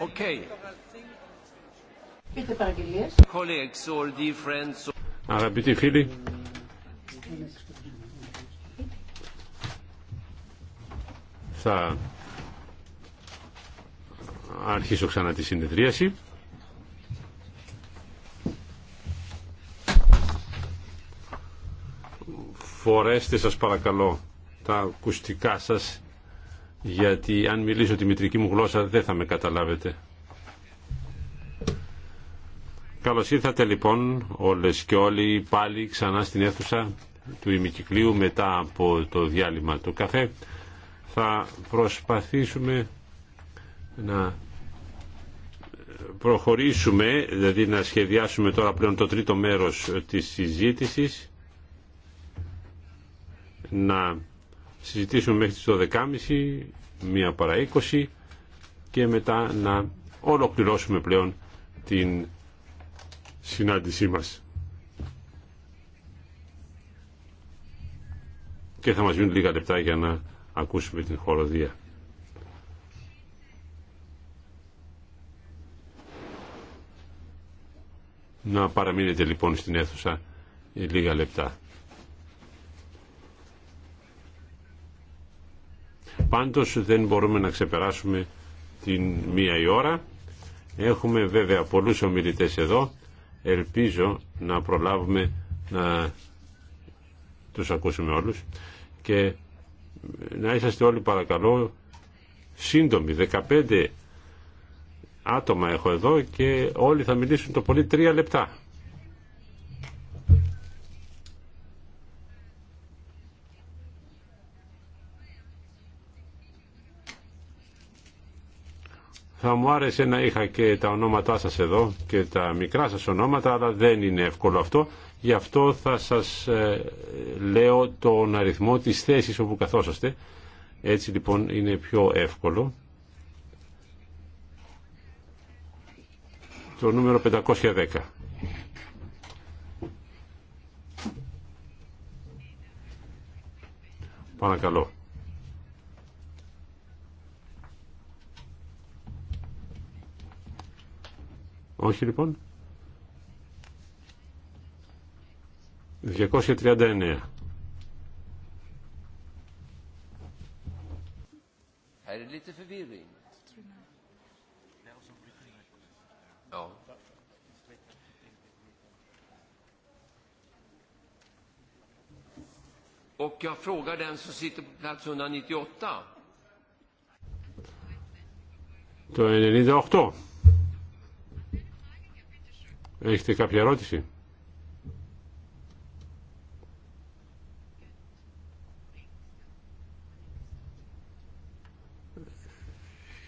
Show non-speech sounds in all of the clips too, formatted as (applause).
Okay. Αγαπητοί φίλοι, θα αρχίσω ξανά τη συνεδρίαση. Φορέστε σας παρακαλώ τα ακουστικά σας γιατί αν μιλήσω τη μητρική μου γλώσσα δεν θα με καταλάβετε. Καλώς ήρθατε λοιπόν όλες και όλοι πάλι ξανά στην αίθουσα του ημικυκλίου μετά από το διάλειμμα του καφέ. Θα προσπαθήσουμε να προχωρήσουμε, δηλαδή να σχεδιάσουμε τώρα πλέον το τρίτο μέρος της συζήτησης, να συζητήσουμε μέχρι τις 12.30, μία παρά 20 και μετά να ολοκληρώσουμε πλέον την συνάντησή μας. Και θα μας μείνουν λίγα λεπτά για να ακούσουμε την χοροδία. Να παραμείνετε λοιπόν στην αίθουσα ε, λίγα λεπτά. Πάντως δεν μπορούμε να ξεπεράσουμε την μία η ώρα. Έχουμε βέβαια πολλούς ομιλητές εδώ. Ελπίζω να προλάβουμε να τους ακούσουμε όλους και να είσαστε όλοι παρακαλώ σύντομοι. 15 άτομα έχω εδώ και όλοι θα μιλήσουν το πολύ τρία λεπτά. Θα μου άρεσε να είχα και τα ονόματά σας εδώ και τα μικρά σας ονόματα, αλλά δεν είναι εύκολο αυτό. Γι' αυτό θα σας ε, λέω τον αριθμό της θέσης όπου καθόσαστε. Έτσι λοιπόν είναι πιο εύκολο. Το νούμερο 510. Παρακαλώ. Όχι λοιπόν. 239. Här är lite förvirring. Ja. Och jag frågar den som sitter på plats 198. Då är det 198. Έχετε κάποια ερώτηση.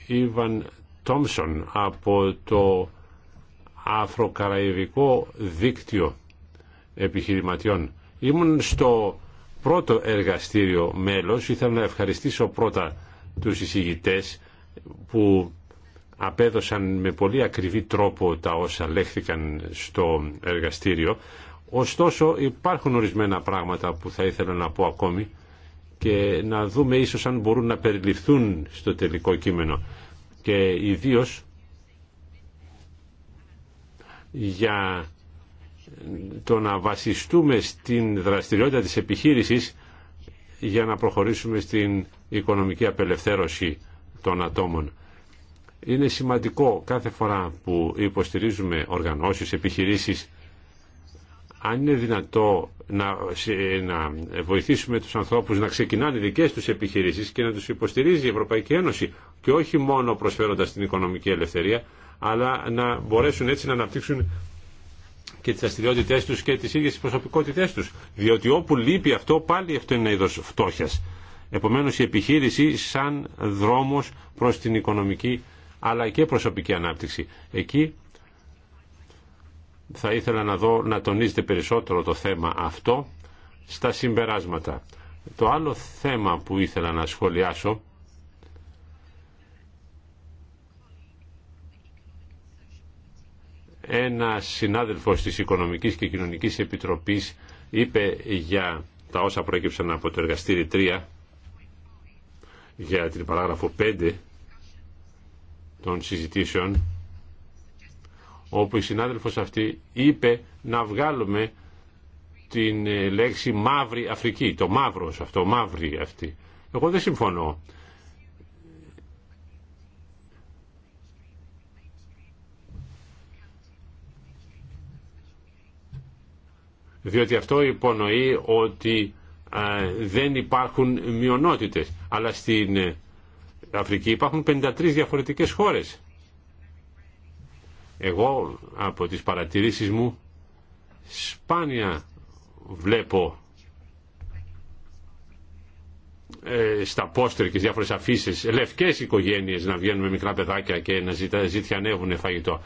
Ήβαν Τόμσον από το Αφροκαραϊβικό Δίκτυο Επιχειρηματιών. Ήμουν στο πρώτο εργαστήριο μέλος. Ήθελα να ευχαριστήσω πρώτα τους εισηγητές που απέδωσαν με πολύ ακριβή τρόπο τα όσα λέχθηκαν στο εργαστήριο. Ωστόσο υπάρχουν ορισμένα πράγματα που θα ήθελα να πω ακόμη και να δούμε ίσως αν μπορούν να περιληφθούν στο τελικό κείμενο και ιδίως για το να βασιστούμε στην δραστηριότητα της επιχείρησης για να προχωρήσουμε στην οικονομική απελευθέρωση των ατόμων. Είναι σημαντικό κάθε φορά που υποστηρίζουμε οργανώσεις, επιχειρήσεις, αν είναι δυνατό να, να βοηθήσουμε τους ανθρώπους να ξεκινάνε δικές τους επιχειρήσεις και να τους υποστηρίζει η Ευρωπαϊκή Ένωση και όχι μόνο προσφέροντας την οικονομική ελευθερία, αλλά να μπορέσουν έτσι να αναπτύξουν και τις αστηριότητές τους και τις ίδιες προσωπικότητές τους. Διότι όπου λείπει αυτό, πάλι αυτό είναι ένα είδος φτώχειας. Επομένως η επιχείρηση σαν δρόμος προς την οικονομική αλλά και προσωπική ανάπτυξη. Εκεί θα ήθελα να δω να τονίζετε περισσότερο το θέμα αυτό στα συμπεράσματα. Το άλλο θέμα που ήθελα να σχολιάσω Ένα συνάδελφος της Οικονομικής και Κοινωνικής Επιτροπής είπε για τα όσα προέκυψαν από το εργαστήρι 3 για την παράγραφο 5 των συζητήσεων όπου η συνάδελφος αυτή είπε να βγάλουμε την ε, λέξη μαύρη Αφρική, το μαύρο αυτό, μαύρη αυτή. Εγώ δεν συμφωνώ. Διότι αυτό υπονοεί ότι ε, δεν υπάρχουν μειονότητες. Αλλά στην ε, Αφρική υπάρχουν 53 διαφορετικές χώρες. Εγώ από τις παρατηρήσεις μου σπάνια βλέπω ε, στα πόστερ και στις διάφορες αφήσει λευκές οικογένειες να βγαίνουν με μικρά παιδάκια και να ζητιανεύουν φαγητό.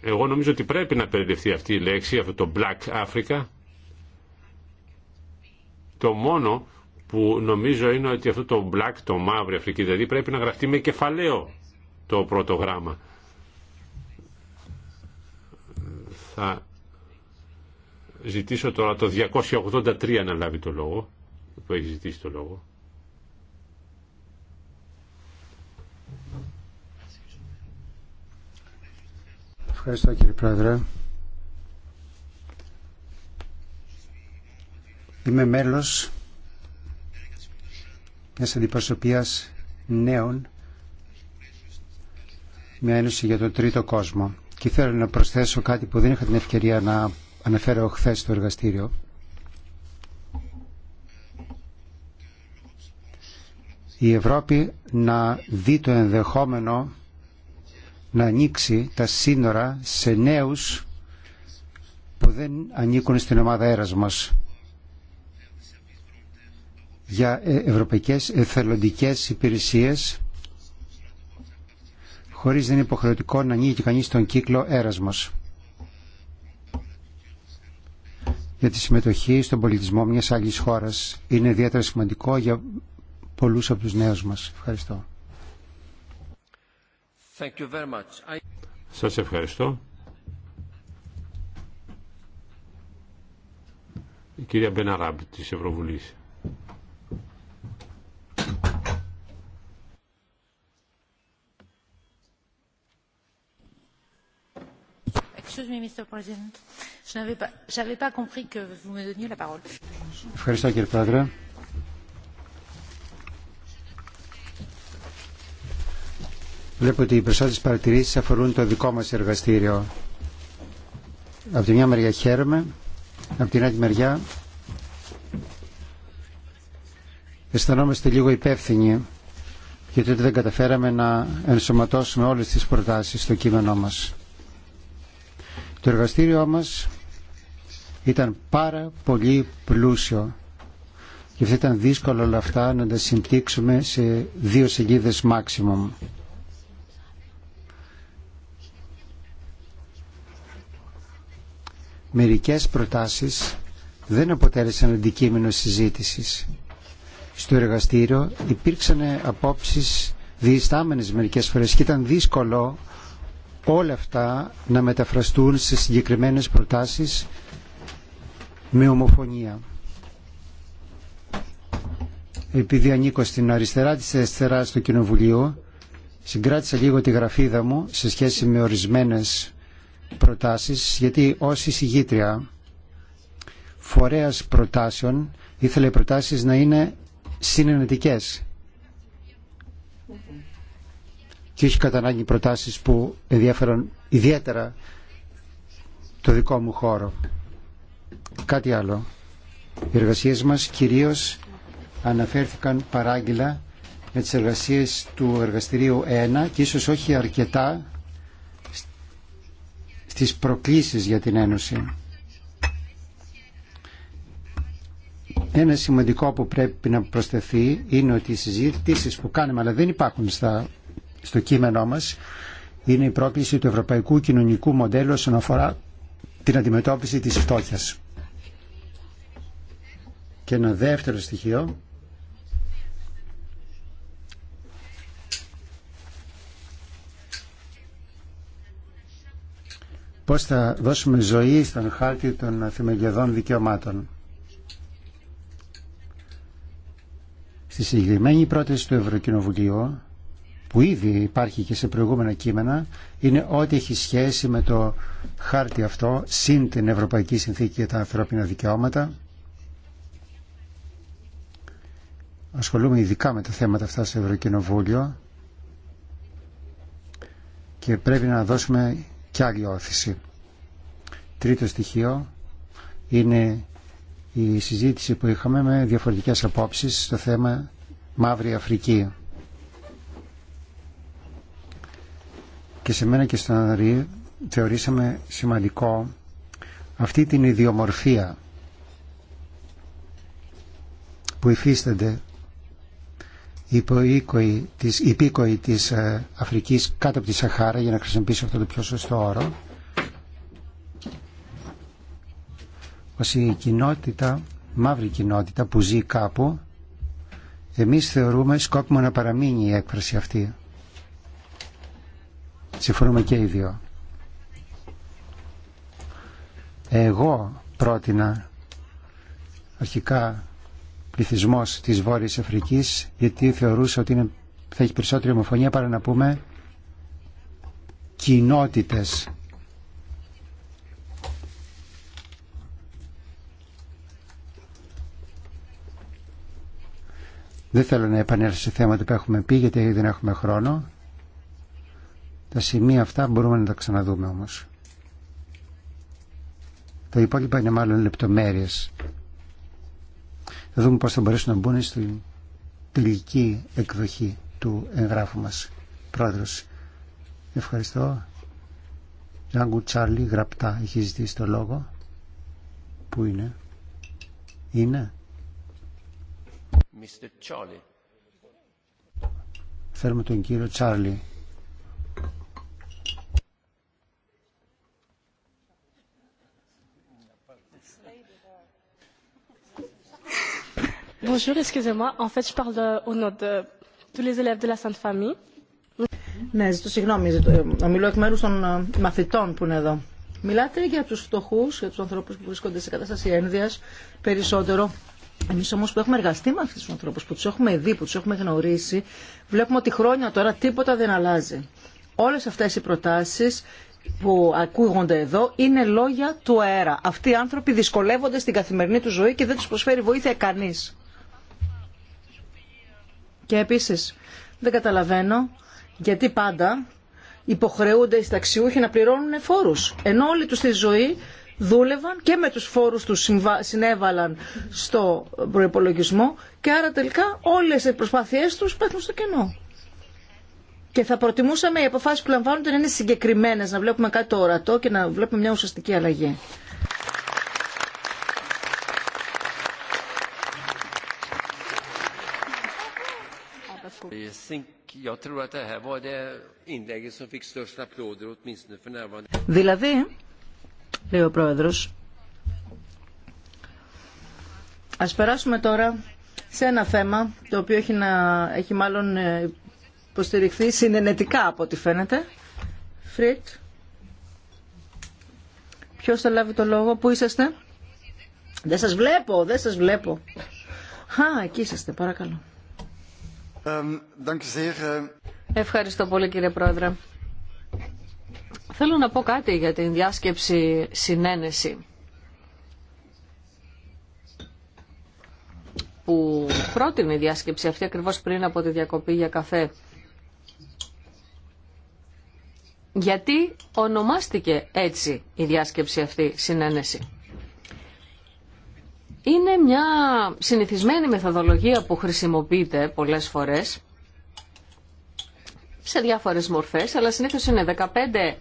Εγώ νομίζω ότι πρέπει να περιληφθεί αυτή η λέξη, αυτό το Black Africa. Το μόνο που νομίζω είναι ότι αυτό το black, το μαύρο Αφρική, δηλαδή πρέπει να γραφτεί με κεφαλαίο το πρώτο γράμμα. Θα ζητήσω τώρα το 283 να λάβει το λόγο, που έχει ζητήσει το λόγο. Ευχαριστώ κύριε Πρόεδρε. Είμαι μέλος μιας αντιπροσωπείας νέων μια ένωση για τον τρίτο κόσμο. Και θέλω να προσθέσω κάτι που δεν είχα την ευκαιρία να αναφέρω χθε στο εργαστήριο. Η Ευρώπη να δει το ενδεχόμενο να ανοίξει τα σύνορα σε νέους που δεν ανήκουν στην ομάδα έρασμος για ε, ευρωπαϊκές εθελοντικές υπηρεσίες χωρίς δεν είναι υποχρεωτικό να ανοίγει κανείς τον κύκλο έρασμος για τη συμμετοχή στον πολιτισμό μιας άλλης χώρας είναι ιδιαίτερα σημαντικό για πολλούς από τους νέους μας. Ευχαριστώ. Thank you very much. Σας ευχαριστώ. Η κυρία Μπεναράμπ της Ευρωβουλής. Ευχαριστώ κύριε Πρόεδρε. Βλέπω ότι οι περισσότερες παρατηρήσει αφορούν το δικό μας εργαστήριο. Από τη μια μεριά χαίρομαι, από την άλλη μεριά αισθανόμαστε λίγο υπεύθυνοι γιατί δεν καταφέραμε να ενσωματώσουμε όλες τις προτάσεις στο κείμενό μας. Το εργαστήριό μας ήταν πάρα πολύ πλούσιο και αυτό ήταν δύσκολο όλα αυτά να τα συμπτύξουμε σε δύο σελίδες maximum. Μερικές προτάσεις δεν αποτέλεσαν αντικείμενο συζήτησης. Στο εργαστήριο υπήρξαν απόψεις διεστάμενες μερικές φορές και ήταν δύσκολο όλα αυτά να μεταφραστούν σε συγκεκριμένες προτάσεις με ομοφωνία. Επειδή ανήκω στην αριστερά της αριστερά στο Κοινοβουλίου, συγκράτησα λίγο τη γραφίδα μου σε σχέση με ορισμένες προτάσεις, γιατί ως εισηγήτρια φορέας προτάσεων ήθελε οι προτάσεις να είναι συνενετικές και έχει κατά ανάγκη προτάσεις που ενδιαφέρον ιδιαίτερα το δικό μου χώρο. Κάτι άλλο. Οι εργασίες μας κυρίως αναφέρθηκαν παράγγελα με τις εργασίες του εργαστηρίου 1 και ίσως όχι αρκετά στις προκλήσεις για την Ένωση. Ένα σημαντικό που πρέπει να προσθεθεί είναι ότι οι συζητήσει που κάνουμε αλλά δεν υπάρχουν στα στο κείμενό μας είναι η πρόκληση του ευρωπαϊκού κοινωνικού μοντέλου όσον αφορά την αντιμετώπιση της φτώχειας. Και ένα δεύτερο στοιχείο πώς θα δώσουμε ζωή στον χάρτη των θεμελιωδών δικαιωμάτων. Στη συγκεκριμένη πρόταση του Ευρωκοινοβουλίου που ήδη υπάρχει και σε προηγούμενα κείμενα είναι ό,τι έχει σχέση με το χάρτη αυτό συν την Ευρωπαϊκή Συνθήκη για τα Ανθρώπινα Δικαιώματα. Ασχολούμαι ειδικά με τα θέματα αυτά στο Ευρωκοινοβούλιο και πρέπει να δώσουμε και άλλη όθηση. Τρίτο στοιχείο είναι η συζήτηση που είχαμε με διαφορετικές απόψεις στο θέμα Μαύρη Αφρική. και σε μένα και στον Ανδρή θεωρήσαμε σημαντικό αυτή την ιδιομορφία που υφίστανται υπήκοη της, υπήκοοι της ε, Αφρικής κάτω από τη Σαχάρα για να χρησιμοποιήσω αυτό το πιο σωστό όρο ως η κοινότητα, μαύρη κοινότητα που ζει κάπου εμείς θεωρούμε σκόπιμο να παραμείνει η έκφραση αυτή Συμφωνούμε και οι δύο. Εγώ πρότεινα αρχικά πληθυσμό της Βόρειας Αφρικής γιατί θεωρούσα ότι θα έχει περισσότερη ομοφωνία παρά να πούμε κοινότητες Δεν θέλω να επανέλθω σε θέματα που έχουμε πει γιατί δεν έχουμε χρόνο. Τα σημεία αυτά μπορούμε να τα ξαναδούμε όμως. Τα υπόλοιπα είναι μάλλον λεπτομέρειες. Θα δούμε πώς θα μπορέσουν να μπουν στην τελική εκδοχή του εγγράφου μας. Πρόεδρος, ευχαριστώ. Ζάγκου Τσάρλι γραπτά έχει ζητήσει το λόγο. Πού είναι. Είναι. Mr. Charlie. Θέλουμε τον κύριο Τσάρλι. Bonjour, Ναι, συγγνώμη, ε, μιλώ εκ μέρου των ε, μαθητών που είναι εδώ. Μιλάτε για τους φτωχούς, για τους ανθρώπους που βρίσκονται σε κατάσταση ένδυας περισσότερο. Εμείς όμως που έχουμε εργαστεί με αυτούς τους ανθρώπους, που τους έχουμε δει, που τους έχουμε γνωρίσει, βλέπουμε ότι χρόνια τώρα τίποτα δεν αλλάζει. Όλες αυτές οι προτάσεις που ακούγονται εδώ είναι λόγια του αέρα. Αυτοί οι άνθρωποι δυσκολεύονται στην καθημερινή του ζωή και δεν τους προσφέρει βοήθεια κανεί και επίσης δεν καταλαβαίνω γιατί πάντα υποχρεούνται οι σταξιούχοι να πληρώνουν φόρους. Ενώ όλοι τους στη ζωή δούλευαν και με τους φόρους τους συνέβαλαν στο προϋπολογισμό και άρα τελικά όλες οι προσπάθειές τους πέφτουν στο κενό. Και θα προτιμούσαμε οι αποφάσεις που λαμβάνονται να είναι συγκεκριμένες, να βλέπουμε κάτι το ορατό και να βλέπουμε μια ουσιαστική αλλαγή. Δηλαδή, λέει ο Πρόεδρος, ας περάσουμε τώρα σε ένα θέμα το οποίο έχει, να, μάλλον ε, υποστηριχθεί συνενετικά από ό,τι φαίνεται. Φριτ, ποιος θα λάβει το λόγο, πού είσαστε. Δεν σας βλέπω, δεν σας βλέπω. Α, εκεί είσαστε, παρακαλώ. Ehm, eh. Ευχαριστώ πολύ κύριε Πρόεδρε. Θέλω να πω κάτι για την διάσκεψη συνένεση που πρότεινε η διάσκεψη αυτή ακριβώς πριν από τη διακοπή για καφέ. Γιατί ονομάστηκε έτσι η διάσκεψη αυτή συνένεση. Είναι μια συνηθισμένη μεθοδολογία που χρησιμοποιείται πολλές φορές σε διάφορες μορφές, αλλά συνήθως είναι 15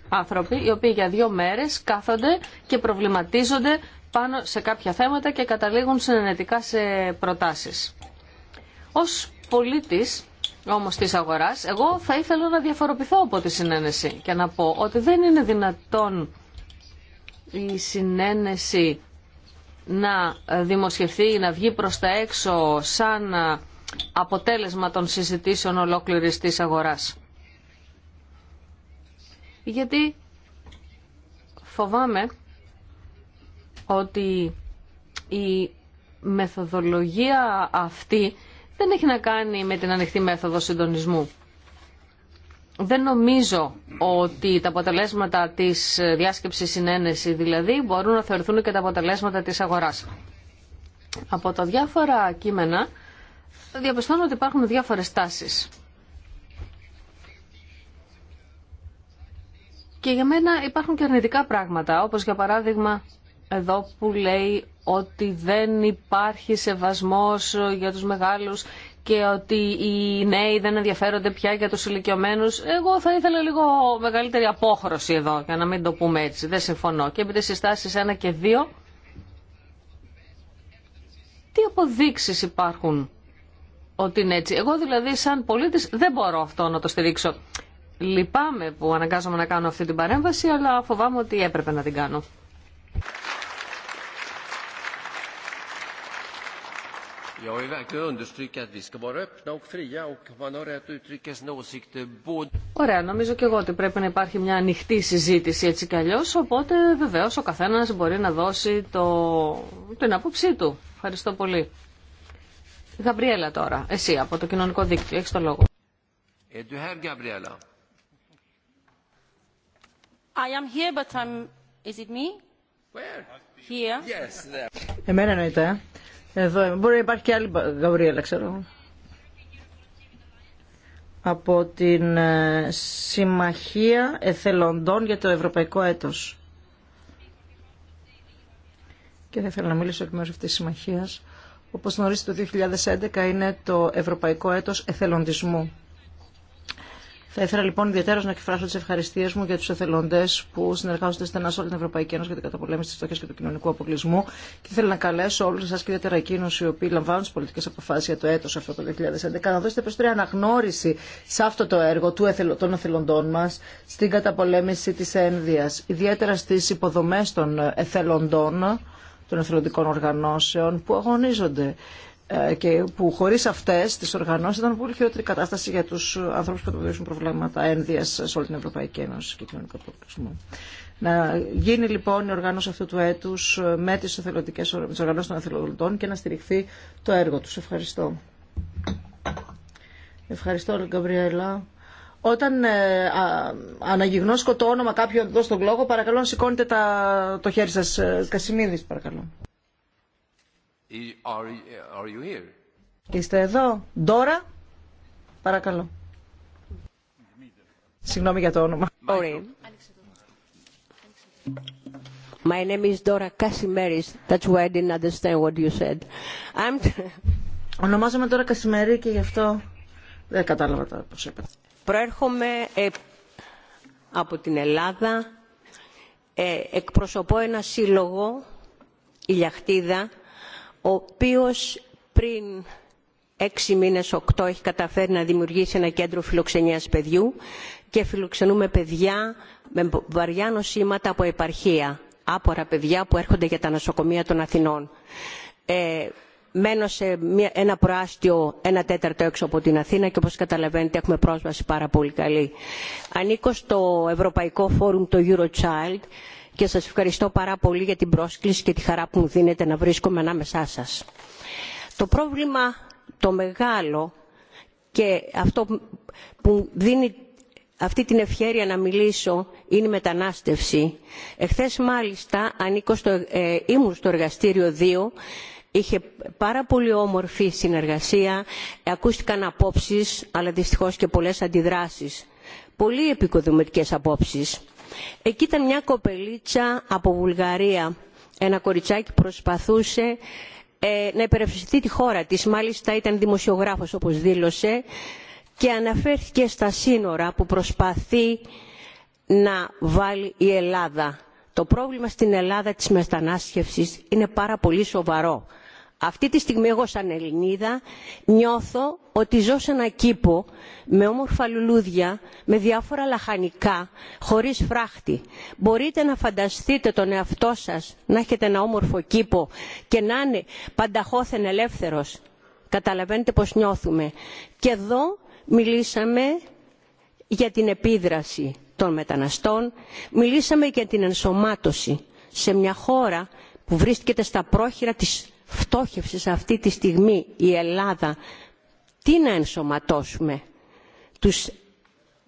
άνθρωποι οι οποίοι για δύο μέρες κάθονται και προβληματίζονται πάνω σε κάποια θέματα και καταλήγουν συνενετικά σε προτάσεις. Ως πολίτης όμως της αγοράς, εγώ θα ήθελα να διαφοροποιηθώ από τη συνένεση και να πω ότι δεν είναι δυνατόν η συνένεση να δημοσιευθεί, να βγει προς τα έξω σαν αποτέλεσμα των συζητήσεων ολόκληρης της αγοράς. Γιατί φοβάμαι ότι η μεθοδολογία αυτή δεν έχει να κάνει με την ανοιχτή μέθοδο συντονισμού δεν νομίζω ότι τα αποτελέσματα της διάσκεψης συνένεση δηλαδή μπορούν να θεωρηθούν και τα αποτελέσματα της αγοράς. Από τα διάφορα κείμενα διαπιστώνω ότι υπάρχουν διάφορες τάσεις. Και για μένα υπάρχουν και αρνητικά πράγματα, όπως για παράδειγμα εδώ που λέει ότι δεν υπάρχει σεβασμός για τους μεγάλους και ότι οι νέοι δεν ενδιαφέρονται πια για τους ηλικιωμένου. Εγώ θα ήθελα λίγο μεγαλύτερη απόχρωση εδώ, για να μην το πούμε έτσι. Δεν συμφωνώ. Και επειδή συστάσει συστάσεις 1 και δύο, τι αποδείξεις υπάρχουν ότι είναι έτσι. Εγώ δηλαδή σαν πολίτης δεν μπορώ αυτό να το στηρίξω. Λυπάμαι που αναγκάζομαι να κάνω αυτή την παρέμβαση, αλλά φοβάμαι ότι έπρεπε να την κάνω. Jag vill verkligen understryka att vi ska vara öppna och fria och man har rätt att uttrycka sina åsikter både... Ωραία, νομίζω και εγώ ότι πρέπει να υπάρχει μια ανοιχτή συζήτηση έτσι κι αλλιώς, οπότε βεβαίως ο καθένας μπορεί να δώσει το... την άποψή του. Ευχαριστώ πολύ. Γαμπριέλα τώρα, εσύ από το κοινωνικό δίκτυο, έχεις το λόγο. Εμένα εννοείται. Ε. Εδώ μπορεί να υπάρχει και άλλη Γαβριέλα, ξέρω. Από την ε, Συμμαχία Εθελοντών για το Ευρωπαϊκό Έτος. Και θα ήθελα να μιλήσω εκ μέρους αυτής της συμμαχίας. Όπως γνωρίζετε το 2011 είναι το Ευρωπαϊκό Έτος Εθελοντισμού. Θα ήθελα λοιπόν ιδιαίτερα να εκφράσω τι ευχαριστίε μου για του εθελοντέ που συνεργάζονται στενά σε όλη την Ευρωπαϊκή Ένωση για την καταπολέμηση τη φτώχεια και του κοινωνικού αποκλεισμού. Και θέλω να καλέσω όλου εσά και ιδιαίτερα εκείνου οι οποίοι λαμβάνουν τι πολιτικέ αποφάσει για το έτο αυτό το 2011 να δώσετε περισσότερη αναγνώριση σε αυτό το έργο του των εθελοντών μα στην καταπολέμηση τη ένδυα, ιδιαίτερα στι υποδομέ των εθελοντών των εθελοντικών οργανώσεων που αγωνίζονται ε, και που χωρίς αυτές τις οργανώσεις ήταν πολύ χειρότερη κατάσταση για τους ανθρώπους που αντιμετωπίζουν προβλήματα ένδυας σε όλη την Ευρωπαϊκή Ένωση και κοινωνικό αποκλεισμό. Να γίνει λοιπόν η οργάνωση αυτού του έτους ε, με τις, εθελοντικές, τις οργανώσεις των εθελοντών και να στηριχθεί το έργο τους. Ευχαριστώ. Ευχαριστώ, Γκαμπριέλα. Όταν ε, αναγυγνώσκω το όνομα κάποιου εδώ στον λόγο, παρακαλώ να σηκώνετε τα, το χέρι σας. Ε, Κασιμίδης, παρακαλώ. Are, you here? Είστε εδώ. Ντόρα, παρακαλώ. Συγγνώμη για το όνομα. My name is Dora Kasimeris. That's why I didn't understand what you said. I'm... (laughs) Ονομάζομαι Dora Κασιμερή και γι' αυτό δεν κατάλαβα τώρα πώς είπατε. Προέρχομαι ε, από την Ελλάδα. Ε, εκπροσωπώ ένα σύλλογο, η Λιαχτίδα, ο οποίος πριν έξι μήνες, οκτώ, έχει καταφέρει να δημιουργήσει ένα κέντρο φιλοξενίας παιδιού και φιλοξενούμε παιδιά με βαριά νοσήματα από επαρχία, άπορα παιδιά που έρχονται για τα νοσοκομεία των Αθηνών. Ε, μένω σε ένα προάστιο ένα τέταρτο έξω από την Αθήνα και όπως καταλαβαίνετε έχουμε πρόσβαση πάρα πολύ καλή. Ανήκω στο Ευρωπαϊκό Φόρουμ το Eurochild και σας ευχαριστώ πάρα πολύ για την πρόσκληση και τη χαρά που μου δίνετε να βρίσκομαι ανάμεσά σας. Το πρόβλημα το μεγάλο και αυτό που δίνει αυτή την ευχαίρεια να μιλήσω είναι η μετανάστευση. Εχθές μάλιστα ανήκω στο, ε, ήμουν στο εργαστήριο 2 είχε πάρα πολύ όμορφη συνεργασία ακούστηκαν απόψεις αλλά δυστυχώς και πολλές αντιδράσεις. Πολύ επικοδομητικές απόψεις Εκεί ήταν μια κοπελίτσα από Βουλγαρία. Ένα κοριτσάκι προσπαθούσε ε, να υπερευσιστεί τη χώρα της. Μάλιστα ήταν δημοσιογράφος όπως δήλωσε και αναφέρθηκε στα σύνορα που προσπαθεί να βάλει η Ελλάδα. Το πρόβλημα στην Ελλάδα της μετανάστευσης είναι πάρα πολύ σοβαρό αυτή τη στιγμή εγώ σαν Ελληνίδα νιώθω ότι ζω σε ένα κήπο με όμορφα λουλούδια, με διάφορα λαχανικά, χωρίς φράχτη. Μπορείτε να φανταστείτε τον εαυτό σας να έχετε ένα όμορφο κήπο και να είναι πανταχώθεν ελεύθερος. Καταλαβαίνετε πώς νιώθουμε. Και εδώ μιλήσαμε για την επίδραση των μεταναστών, μιλήσαμε για την ενσωμάτωση σε μια χώρα που βρίσκεται στα πρόχειρα της φτώχευσης αυτή τη στιγμή η Ελλάδα, τι να ενσωματώσουμε, τους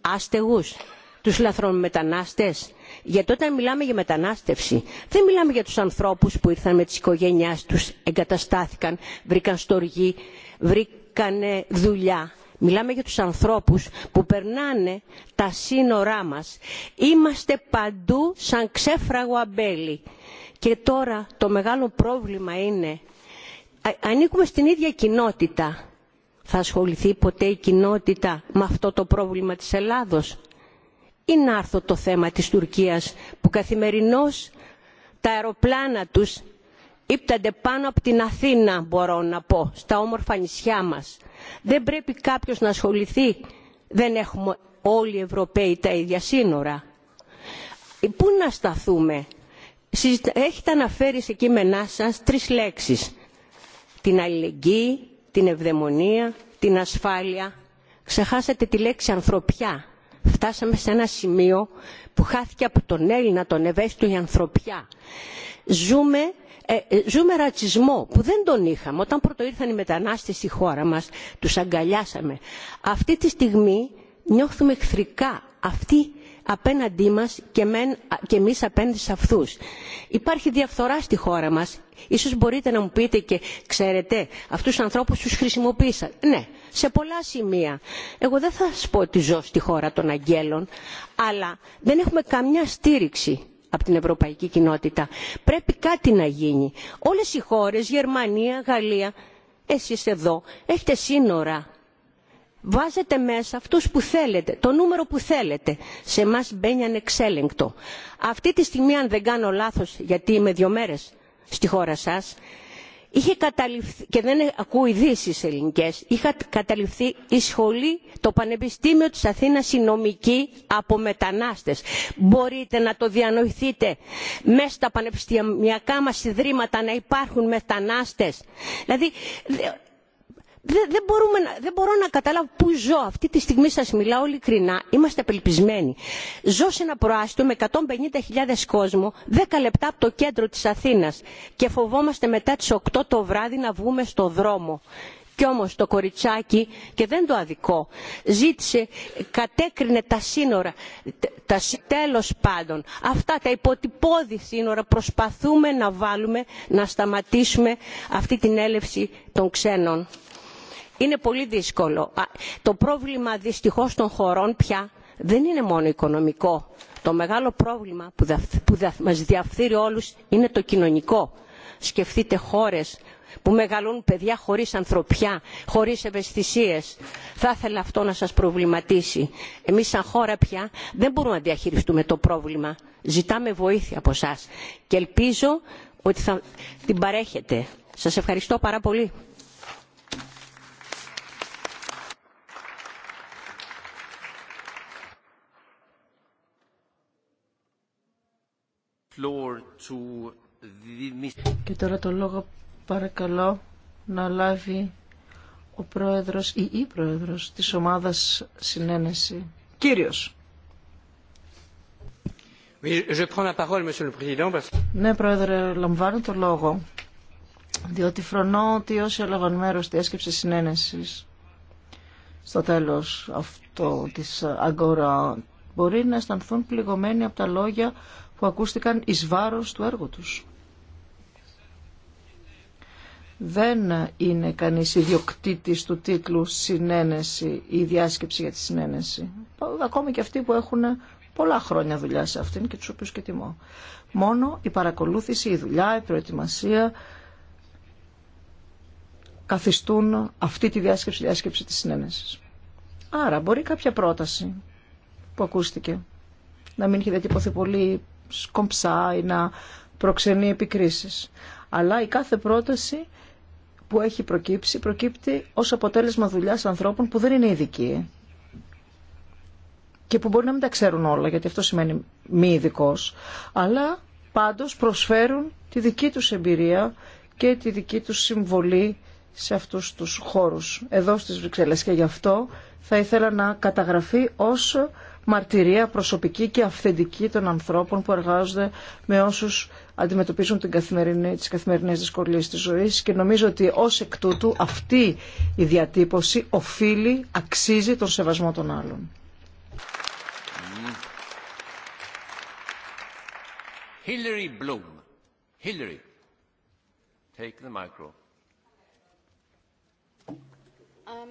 άστεγους, τους λαθρομετανάστες. Γιατί όταν μιλάμε για μετανάστευση, δεν μιλάμε για τους ανθρώπους που ήρθαν με τις οικογένειάς τους, εγκαταστάθηκαν, βρήκαν στοργή, βρήκαν δουλειά. Μιλάμε για τους ανθρώπους που περνάνε τα σύνορά μας. Είμαστε παντού σαν ξέφραγο αμπέλι και τώρα το μεγάλο πρόβλημα είναι ανήκουμε στην ίδια κοινότητα. Θα ασχοληθεί ποτέ η κοινότητα με αυτό το πρόβλημα της Ελλάδος ή να έρθω το θέμα της Τουρκίας που καθημερινώς τα αεροπλάνα τους ύπτανται πάνω από την Αθήνα μπορώ να πω, στα όμορφα νησιά μας. Δεν πρέπει κάποιος να ασχοληθεί. Δεν έχουμε όλοι οι Ευρωπαίοι τα ίδια σύνορα. Πού να σταθούμε έχετε αναφέρει σε κείμενά σας τρεις λέξεις την αλληλεγγύη την ευδαιμονία την ασφάλεια ξεχάσατε τη λέξη ανθρωπιά φτάσαμε σε ένα σημείο που χάθηκε από τον έλληνα τον ευαίσθητο η ανθρωπιά. Ζούμε, ε, ζούμε ρατσισμό που δεν τον είχαμε. Όταν πρώτο ήρθαν οι μετανάστες στη χώρα μας τους αγκαλιάσαμε. Αυτή τη στιγμή νιώθουμε εχθρικά. Αυτή απέναντί μας και, μεν, και εμείς απέναντι σε αυτούς. Υπάρχει διαφθορά στη χώρα μας. Ίσως μπορείτε να μου πείτε και ξέρετε αυτούς τους ανθρώπους τους χρησιμοποίησαν. Ναι, σε πολλά σημεία. Εγώ δεν θα σας πω ότι ζω στη χώρα των αγγέλων, αλλά δεν έχουμε καμιά στήριξη από την ευρωπαϊκή κοινότητα. Πρέπει κάτι να γίνει. Όλες οι χώρες, Γερμανία, Γαλλία, εσείς εδώ, έχετε σύνορα βάζετε μέσα αυτούς που θέλετε, το νούμερο που θέλετε. Σε εμά μπαίνει ανεξέλεγκτο. Αυτή τη στιγμή, αν δεν κάνω λάθος, γιατί είμαι δύο μέρες στη χώρα σας, είχε καταληφθεί, και δεν ακούω ειδήσει ελληνικές, είχε καταληφθεί η σχολή, το Πανεπιστήμιο της Αθήνας, η νομική από μετανάστες. Μπορείτε να το διανοηθείτε μέσα στα πανεπιστημιακά μας ιδρύματα να υπάρχουν μετανάστες. Δηλαδή, δεν, μπορώ να καταλάβω πού ζω. Αυτή τη στιγμή σας μιλάω ειλικρινά. Είμαστε απελπισμένοι. Ζω σε ένα προάστιο με 150.000 κόσμο, 10 λεπτά από το κέντρο της Αθήνας και φοβόμαστε μετά τις 8 το βράδυ να βγούμε στο δρόμο. Κι όμως το κοριτσάκι, και δεν το αδικό, ζήτησε, κατέκρινε τα σύνορα, τα τέλος πάντων. Αυτά τα υποτυπώδη σύνορα προσπαθούμε να βάλουμε, να σταματήσουμε αυτή την έλευση των ξένων είναι πολύ δύσκολο. Το πρόβλημα δυστυχώς των χωρών πια δεν είναι μόνο οικονομικό. Το μεγάλο πρόβλημα που, μας διαφθείρει όλους είναι το κοινωνικό. Σκεφτείτε χώρες που μεγαλούν παιδιά χωρίς ανθρωπιά, χωρίς ευαισθησίες. Θα ήθελα αυτό να σας προβληματίσει. Εμείς σαν χώρα πια δεν μπορούμε να διαχειριστούμε το πρόβλημα. Ζητάμε βοήθεια από εσά και ελπίζω ότι θα την παρέχετε. Σας ευχαριστώ πάρα πολύ. Και τώρα το λόγο παρακαλώ να λάβει ο πρόεδρος ή η πρόεδρος της ομάδας συνένεση. Κύριος. Ναι, Πρόεδρε, λαμβάνω το λόγο, διότι φρονώ ότι όσοι έλαβαν μέρος στη έσκεψη συνένεσης στο τέλος αυτό της αγκόρα μπορεί να αισθανθούν πληγωμένοι από τα λόγια που ακούστηκαν εις βάρος του έργου τους. Δεν είναι κανείς ιδιοκτήτης του τίτλου συνένεση ή διάσκεψη για τη συνένεση. Ακόμη και αυτοί που έχουν πολλά χρόνια δουλειά σε αυτήν και τους οποίους και τιμώ. Μόνο η παρακολούθηση, η δουλειά, η προετοιμασία καθιστούν αυτή τη διάσκεψη, διάσκεψη της συνένεσης. Άρα μπορεί κάποια πρόταση που ακούστηκε να μην είχε διατυπωθεί πολύ σκομψά ή να προξενεί επικρίσεις. Αλλά η κάθε πρόταση που έχει προκύψει, προκύπτει ως αποτέλεσμα δουλειάς ανθρώπων που δεν είναι ειδικοί και που μπορεί να μην τα ξέρουν όλα, γιατί αυτό σημαίνει μη ειδικό, αλλά πάντως προσφέρουν τη δική τους εμπειρία και τη δική τους συμβολή σε αυτούς τους χώρους εδώ στις Βρυξέλλες και γι' αυτό θα ήθελα να καταγραφεί όσο μαρτυρία προσωπική και αυθεντική των ανθρώπων που εργάζονται με όσους αντιμετωπίζουν την καθημερινή, τις καθημερινές δυσκολίες της ζωής και νομίζω ότι ως εκ τούτου αυτή η διατύπωση οφείλει, αξίζει τον σεβασμό των άλλων. Hillary Bloom. Hillary, take the Um,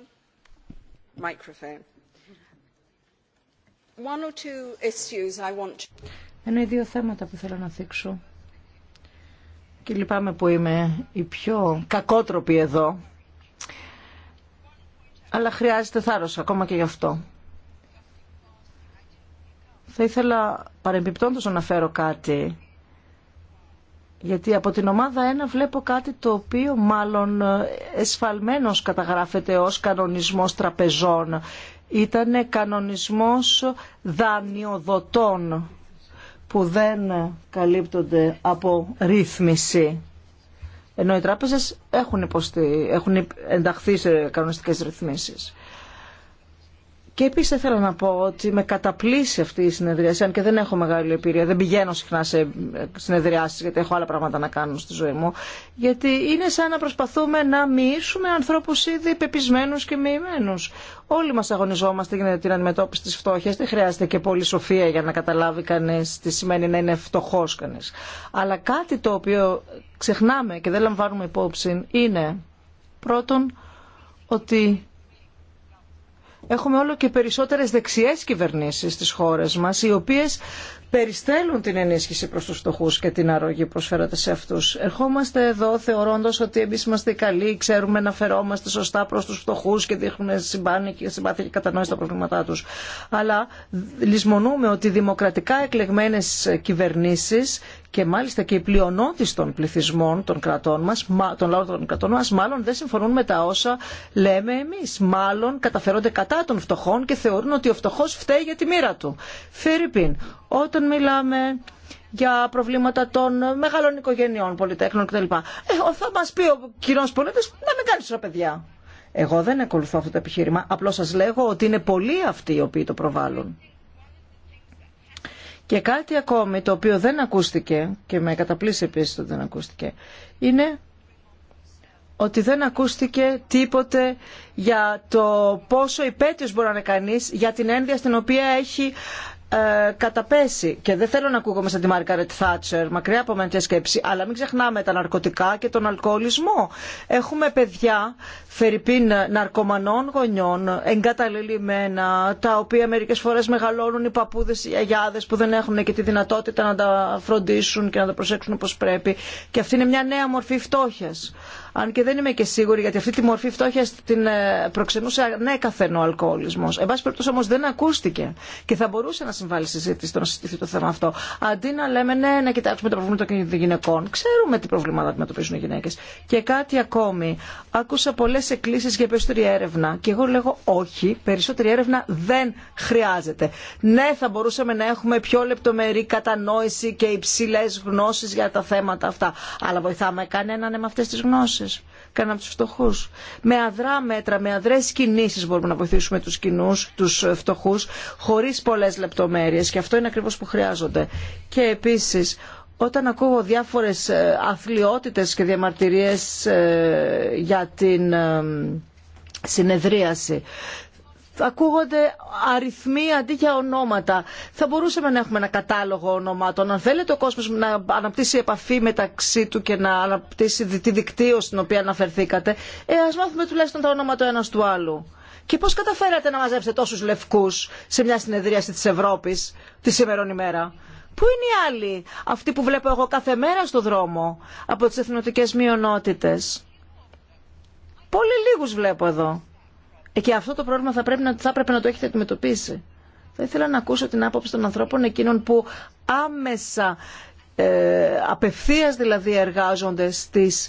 microphone. Ένα ή δύο θέματα που θέλω να θίξω. Και λυπάμαι που είμαι η πιο κακότροπη εδώ. Αλλά χρειάζεται θάρρος ακόμα και γι' αυτό. Θα ήθελα παρεμπιπτόντως να αναφέρω κάτι. Γιατί από την ομάδα 1 βλέπω κάτι το οποίο μάλλον εσφαλμένος καταγράφεται ως κανονισμός τραπεζών ήταν κανονισμός δανειοδοτών που δεν καλύπτονται από ρύθμιση. Ενώ οι τράπεζες έχουν, έχουν ενταχθεί σε κανονιστικές ρυθμίσεις. Και επίση θέλω να πω ότι με καταπλήσει αυτή η συνεδρίαση, αν και δεν έχω μεγάλη εμπειρία, δεν πηγαίνω συχνά σε ε, συνεδριάσει γιατί έχω άλλα πράγματα να κάνω στη ζωή μου. Γιατί είναι σαν να προσπαθούμε να μοιήσουμε ανθρώπου ήδη πεπισμένου και μοιημένου. Όλοι μα αγωνιζόμαστε για την αντιμετώπιση τη φτώχεια. Δεν χρειάζεται και πολύ σοφία για να καταλάβει κανεί τι σημαίνει να είναι φτωχό κανεί. Αλλά κάτι το οποίο ξεχνάμε και δεν λαμβάνουμε υπόψη είναι πρώτον ότι έχουμε όλο και περισσότερες δεξιές κυβερνήσεις στις χώρες μας, οι οποίες περιστέλουν την ενίσχυση προς τους φτωχούς και την αρρώγη που προσφέρεται σε αυτούς. Ερχόμαστε εδώ θεωρώντας ότι εμείς είμαστε καλοί, ξέρουμε να φερόμαστε σωστά προς τους φτωχούς και δείχνουν συμπάνη και συμπάθεια και κατανόηση τα προβλήματά τους. Αλλά λησμονούμε ότι δημοκρατικά εκλεγμένες κυβερνήσεις και μάλιστα και οι πλειονότητε των πληθυσμών των κρατών μας, των λαών των κρατών μας, μάλλον δεν συμφωνούν με τα όσα λέμε εμείς. Μάλλον καταφέρονται κατά των φτωχών και θεωρούν ότι ο φτωχός φταίει για τη μοίρα του. Φίρυπιν, όταν μιλάμε για προβλήματα των μεγάλων οικογενειών, πολυτέχνων κτλ. Ε, θα μας πει ο κοινό πολιτή, να μην κάνεις τα παιδιά. Εγώ δεν ακολουθώ αυτό το επιχείρημα, απλώς σας λέγω ότι είναι πολλοί αυτοί οι οποίοι το προβάλλουν. Και κάτι ακόμη το οποίο δεν ακούστηκε και με καταπλήσει επίσης ότι δεν ακούστηκε είναι ότι δεν ακούστηκε τίποτε για το πόσο υπέτειος μπορεί να είναι κανείς για την ένδυα στην οποία έχει ε, καταπέσει. Και δεν θέλω να ακούγομαι σαν τη Μάρκαρετ Θάτσερ, μακριά από μεν σκέψη, αλλά μην ξεχνάμε τα ναρκωτικά και τον αλκοολισμό. Έχουμε παιδιά, φερρυπίν ναρκωμανών γονιών, εγκαταλελειμμένα, τα οποία μερικέ φορέ μεγαλώνουν οι παππούδε, οι αγιάδε που δεν έχουν και τη δυνατότητα να τα φροντίσουν και να τα προσέξουν όπω πρέπει. Και αυτή είναι μια νέα μορφή φτώχεια αν και δεν είμαι και σίγουρη γιατί αυτή τη μορφή φτώχεια την ε, προξενούσε ανέκαθεν ναι, ο αλκοολισμό. Εν πάση όμω δεν ακούστηκε και θα μπορούσε να συμβάλλει στη συζήτηση το να συζητηθεί το θέμα αυτό. Αντί να λέμε ναι, να κοιτάξουμε τα προβλήματα των γυναικών. Ξέρουμε τι προβλήματα αντιμετωπίζουν οι γυναίκε. Και κάτι ακόμη. Άκουσα πολλέ εκκλήσει για περισσότερη έρευνα. Και εγώ λέγω όχι, περισσότερη έρευνα δεν χρειάζεται. Ναι, θα μπορούσαμε να έχουμε πιο λεπτομερή κατανόηση και υψηλέ γνώσει για τα θέματα αυτά. Αλλά βοηθάμε κανέναν με αυτέ τι γνώσει κάναμε από τους φτωχούς. Με αδρά μέτρα, με αδρές κινήσεις μπορούμε να βοηθήσουμε τους κοινούς, τους φτωχούς, χωρίς πολλές λεπτομέρειες και αυτό είναι ακριβώς που χρειάζονται. Και επίσης, όταν ακούω διάφορες ε, αθλειότητες και διαμαρτυρίες ε, για την ε, συνεδρίαση ακούγονται αριθμοί αντί για ονόματα. Θα μπορούσαμε να έχουμε ένα κατάλογο ονομάτων. Αν θέλετε ο κόσμος να αναπτύσσει επαφή μεταξύ του και να αναπτύσσει τη δικτύωση στην οποία αναφερθήκατε, ε, ας μάθουμε τουλάχιστον τα ονόματα ένα του άλλου. Και πώς καταφέρατε να μαζέψετε τόσους λευκούς σε μια συνεδρίαση της Ευρώπης τη σήμερον ημέρα. Πού είναι οι άλλοι, αυτοί που βλέπω εγώ κάθε μέρα στο δρόμο από τις εθνωτικές μειονότητες. Πολύ λίγους βλέπω εδώ. Ε, και αυτό το πρόβλημα θα πρέπει να, θα πρέπει να το έχετε αντιμετωπίσει. Θα ήθελα να ακούσω την άποψη των ανθρώπων εκείνων που άμεσα, ε, απευθείας δηλαδή εργάζονται στις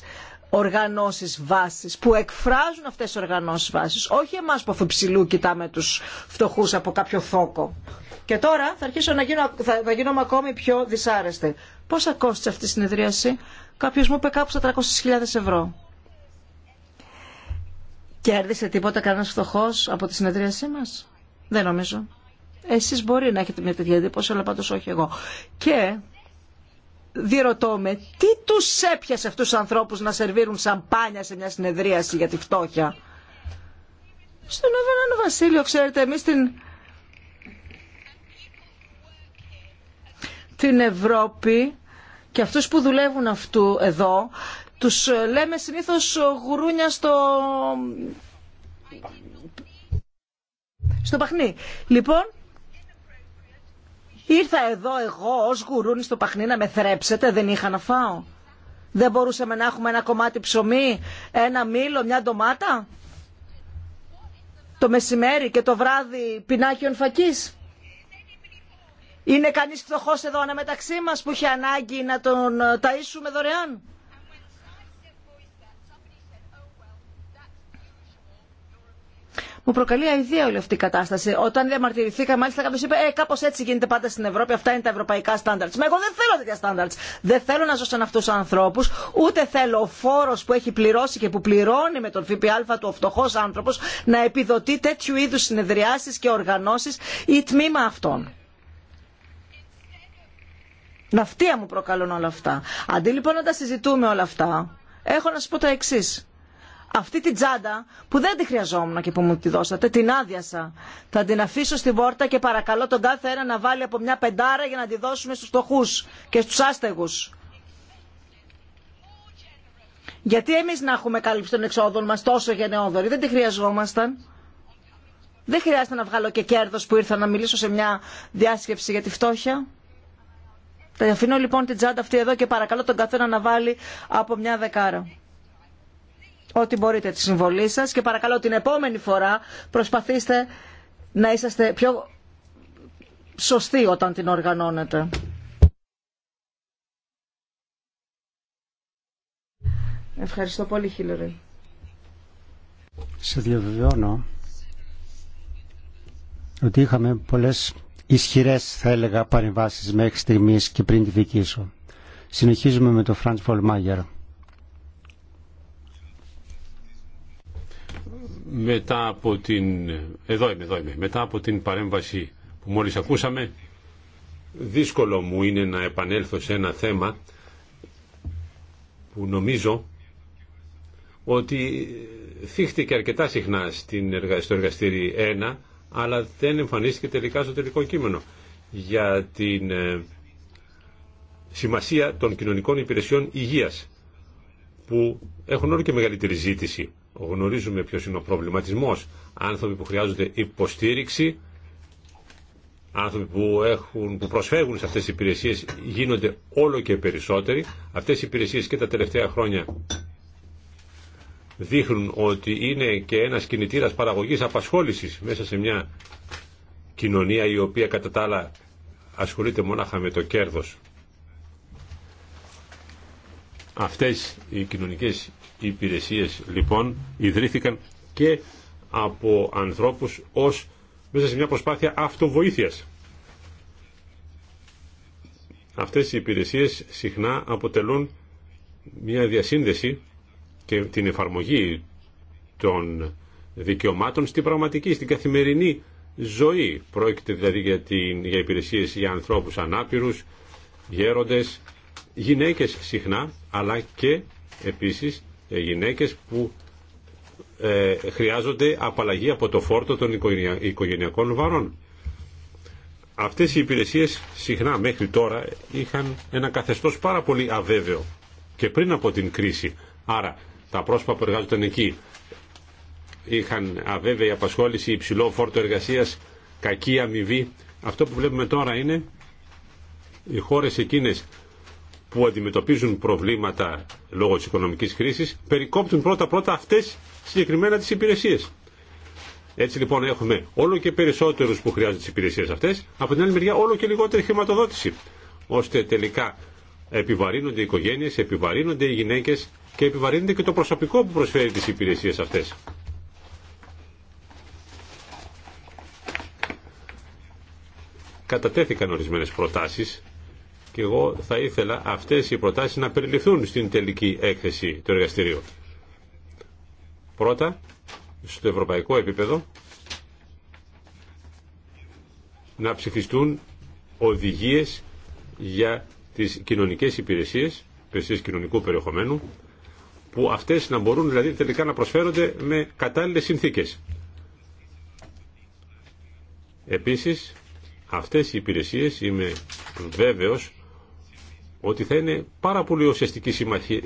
οργανώσεις βάσης, που εκφράζουν αυτές τις οργανώσεις βάσης, όχι εμάς που αφού κοιτάμε τους φτωχούς από κάποιο θόκο. Και τώρα θα αρχίσω να, γίνω, θα, θα γίνομαι ακόμη πιο δυσάρεστη. Πόσα κόστησε αυτή η συνεδρίαση, κάποιος μου είπε κάπου στα 300.000 ευρώ. Κέρδισε τίποτα κανένα φτωχό από τη συνεδρίασή μα. Δεν νομίζω. Εσεί μπορεί να έχετε μια τέτοια εντύπωση, αλλά πάντω όχι εγώ. Και διερωτώ με, τι του έπιασε αυτού του ανθρώπου να σερβίρουν σαμπάνια σε μια συνεδρίαση για τη φτώχεια. Στον Αβεράνο Βασίλειο, ξέρετε, εμεί την. Την Ευρώπη και αυτούς που δουλεύουν αυτού εδώ τους ε, λέμε συνήθως γουρούνια στο... στο παχνί. Λοιπόν, ήρθα εδώ εγώ ως γουρούνι στο παχνί να με θρέψετε, δεν είχα να φάω. Δεν μπορούσαμε να έχουμε ένα κομμάτι ψωμί, ένα μήλο, μια ντομάτα. Το μεσημέρι και το βράδυ πινάκιον φακής. Είναι κανείς φτωχός εδώ ανάμεταξύ μας που έχει ανάγκη να τον ε, ταΐσουμε δωρεάν. Μου προκαλεί αηδία όλη αυτή η κατάσταση. Όταν διαμαρτυρηθήκα, μάλιστα κάποιο είπε: Ε, κάπω έτσι γίνεται πάντα στην Ευρώπη, αυτά είναι τα ευρωπαϊκά στάνταρτ. Μα εγώ δεν θέλω τέτοια στάνταρτ. Δεν θέλω να ζω σαν αυτού του ανθρώπου, ούτε θέλω ο φόρο που έχει πληρώσει και που πληρώνει με τον ΦΠΑ του ο φτωχό άνθρωπο να επιδοτεί τέτοιου είδου συνεδριάσει και οργανώσει ή τμήμα αυτών. Ναυτία μου προκαλούν όλα αυτά. Αντί λοιπόν να τα συζητούμε όλα αυτά, έχω να σα πω τα εξή αυτή την τσάντα που δεν τη χρειαζόμουν και που μου τη δώσατε, την άδειασα. Θα την αφήσω στην πόρτα και παρακαλώ τον κάθε ένα να βάλει από μια πεντάρα για να τη δώσουμε στους φτωχού και στους άστεγους. Γιατί εμείς να έχουμε καλύψει των εξόδων μας τόσο γενναιόδοροι, δεν τη χρειαζόμασταν. Δεν χρειάζεται να βγάλω και κέρδος που ήρθα να μιλήσω σε μια διάσκεψη για τη φτώχεια. Θα αφήνω λοιπόν την τσάντα αυτή εδώ και παρακαλώ τον καθένα να βάλει από μια δεκάρα ό,τι μπορείτε τη συμβολή σα και παρακαλώ την επόμενη φορά προσπαθήστε να είσαστε πιο σωστοί όταν την οργανώνετε. Ευχαριστώ πολύ, Χίλερη. Σε διαβεβαιώνω ότι είχαμε πολλές ισχυρές, θα έλεγα, παρεμβάσεις μέχρι στιγμής και πριν τη δική σου. Συνεχίζουμε με τον Φραντ Βολμάγερ. μετά από την... Εδώ είμαι, Μετά από την παρέμβαση που μόλις ακούσαμε, δύσκολο μου είναι να επανέλθω σε ένα θέμα που νομίζω ότι θύχτηκε αρκετά συχνά στην στο εργαστήρι 1, αλλά δεν εμφανίστηκε τελικά στο τελικό κείμενο για την ε, σημασία των κοινωνικών υπηρεσιών υγείας που έχουν όλο και μεγαλύτερη ζήτηση γνωρίζουμε ποιος είναι ο προβληματισμός. Άνθρωποι που χρειάζονται υποστήριξη, άνθρωποι που, έχουν, που προσφεύγουν σε αυτές τις υπηρεσίες γίνονται όλο και περισσότεροι. Αυτές οι υπηρεσίες και τα τελευταία χρόνια δείχνουν ότι είναι και ένας κινητήρας παραγωγής απασχόλησης μέσα σε μια κοινωνία η οποία κατά τα άλλα ασχολείται μονάχα με το κέρδος. Αυτές οι κοινωνικές οι υπηρεσίες λοιπόν ιδρύθηκαν και από ανθρώπους ως μέσα σε μια προσπάθεια αυτοβοήθειας. Αυτές οι υπηρεσίες συχνά αποτελούν μια διασύνδεση και την εφαρμογή των δικαιωμάτων στην πραγματική, στην καθημερινή ζωή. Πρόκειται δηλαδή για, την, για υπηρεσίες για ανθρώπους ανάπηρους, γέροντες, γυναίκες συχνά, αλλά και επίσης ε, γυναίκες που ε, χρειάζονται απαλλαγή από το φόρτο των οικογενειακών βαρών. Αυτές οι υπηρεσίες συχνά μέχρι τώρα είχαν ένα καθεστώς πάρα πολύ αβέβαιο και πριν από την κρίση. Άρα τα πρόσωπα που εργάζονταν εκεί είχαν αβέβαιη απασχόληση, υψηλό φόρτο εργασίας, κακή αμοιβή. Αυτό που βλέπουμε τώρα είναι οι χώρες εκείνες που αντιμετωπίζουν προβλήματα λόγω της οικονομικής κρίσης περικόπτουν πρώτα-πρώτα αυτές συγκεκριμένα τις υπηρεσίες. Έτσι λοιπόν έχουμε όλο και περισσότερους που χρειάζονται τις υπηρεσίες αυτές, από την άλλη μεριά όλο και λιγότερη χρηματοδότηση, ώστε τελικά επιβαρύνονται οι οικογένειες, επιβαρύνονται οι γυναίκες και επιβαρύνεται και το προσωπικό που προσφέρει τις υπηρεσίες αυτές. Κατατέθηκαν ορισμένες προτάσεις και εγώ θα ήθελα αυτές οι προτάσεις να περιληφθούν στην τελική έκθεση του εργαστηρίου. Πρώτα, στο ευρωπαϊκό επίπεδο, να ψηφιστούν οδηγίες για τις κοινωνικές υπηρεσίες, υπηρεσίες κοινωνικού περιεχομένου, που αυτές να μπορούν δηλαδή τελικά να προσφέρονται με κατάλληλες συνθήκες. Επίσης, αυτές οι υπηρεσίες, είμαι βέβαιος, ότι θα είναι πάρα πολύ ουσιαστική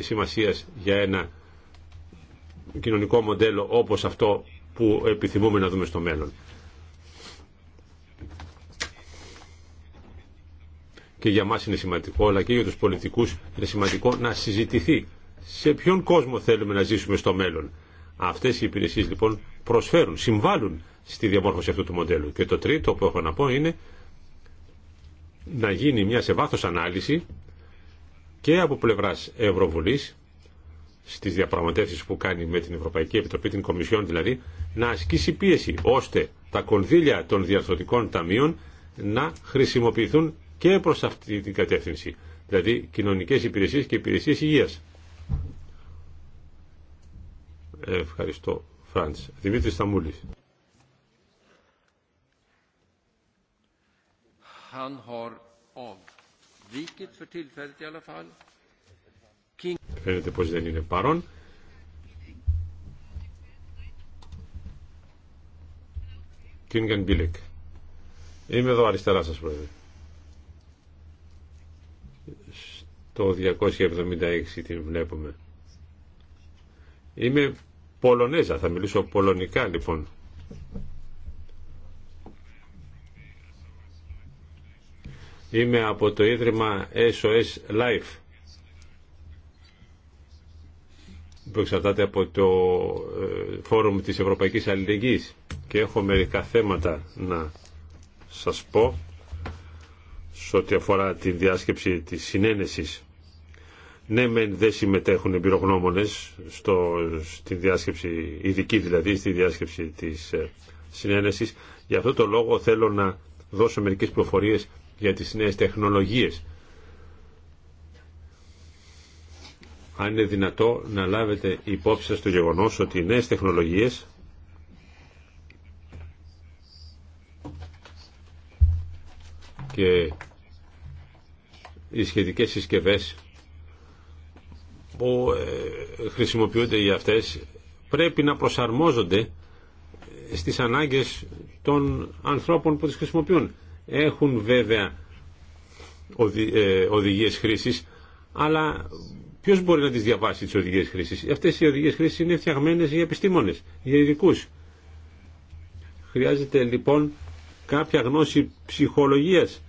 σημασία για ένα κοινωνικό μοντέλο όπως αυτό που επιθυμούμε να δούμε στο μέλλον. Και για μας είναι σημαντικό, αλλά και για τους πολιτικούς είναι σημαντικό να συζητηθεί σε ποιον κόσμο θέλουμε να ζήσουμε στο μέλλον. Αυτές οι υπηρεσίες λοιπόν προσφέρουν, συμβάλλουν στη διαμόρφωση αυτού του μοντέλου. Και το τρίτο που έχω να πω είναι να γίνει μια σε βάθος ανάλυση και από πλευρά Ευρωβουλής στις διαπραγματεύσεις που κάνει με την Ευρωπαϊκή Επιτροπή, την Κομισιόν δηλαδή, να ασκήσει πίεση ώστε τα κονδύλια των διαρθρωτικών ταμείων να χρησιμοποιηθούν και προς αυτή την κατεύθυνση, δηλαδή κοινωνικές υπηρεσίες και υπηρεσίες υγείας. Ευχαριστώ, Φραντ. Δημήτρης Σταμούλη. Han har Φαίνεται πως δεν είναι παρόν. Κίνγκεν Μπίλεκ. Είμαι εδώ αριστερά σας πρόεδρε. Το 276 την βλέπουμε. Είμαι Πολωνέζα, θα μιλήσω πολωνικά λοιπόν. Είμαι από το Ίδρυμα SOS Life που εξαρτάται από το ε, Φόρουμ της Ευρωπαϊκής Αλληλεγγύης και έχω μερικά θέματα να σας πω σε ό,τι αφορά τη διάσκεψη της συνένεσης. Ναι, μεν δεν συμμετέχουν εμπειρογνώμονες στο, στη διάσκεψη, ειδική δηλαδή, στη διάσκεψη της ε, συνένεσης. Γι' αυτό το λόγο θέλω να δώσω μερικές προφορίες για τις νέες τεχνολογίες. Αν είναι δυνατό να λάβετε υπόψη σας το γεγονός ότι οι νέες τεχνολογίες και οι σχετικές συσκευές που ε, χρησιμοποιούνται για αυτές πρέπει να προσαρμόζονται στις ανάγκες των ανθρώπων που τις χρησιμοποιούν. Έχουν βέβαια ε, οδηγίες χρήσης, αλλά ποιος μπορεί να τις διαβάσει τις οδηγίες χρήσης. Αυτές οι οδηγίες χρήσης είναι φτιαγμένες για επιστήμονες, για ειδικού. Χρειάζεται λοιπόν κάποια γνώση ψυχολογίας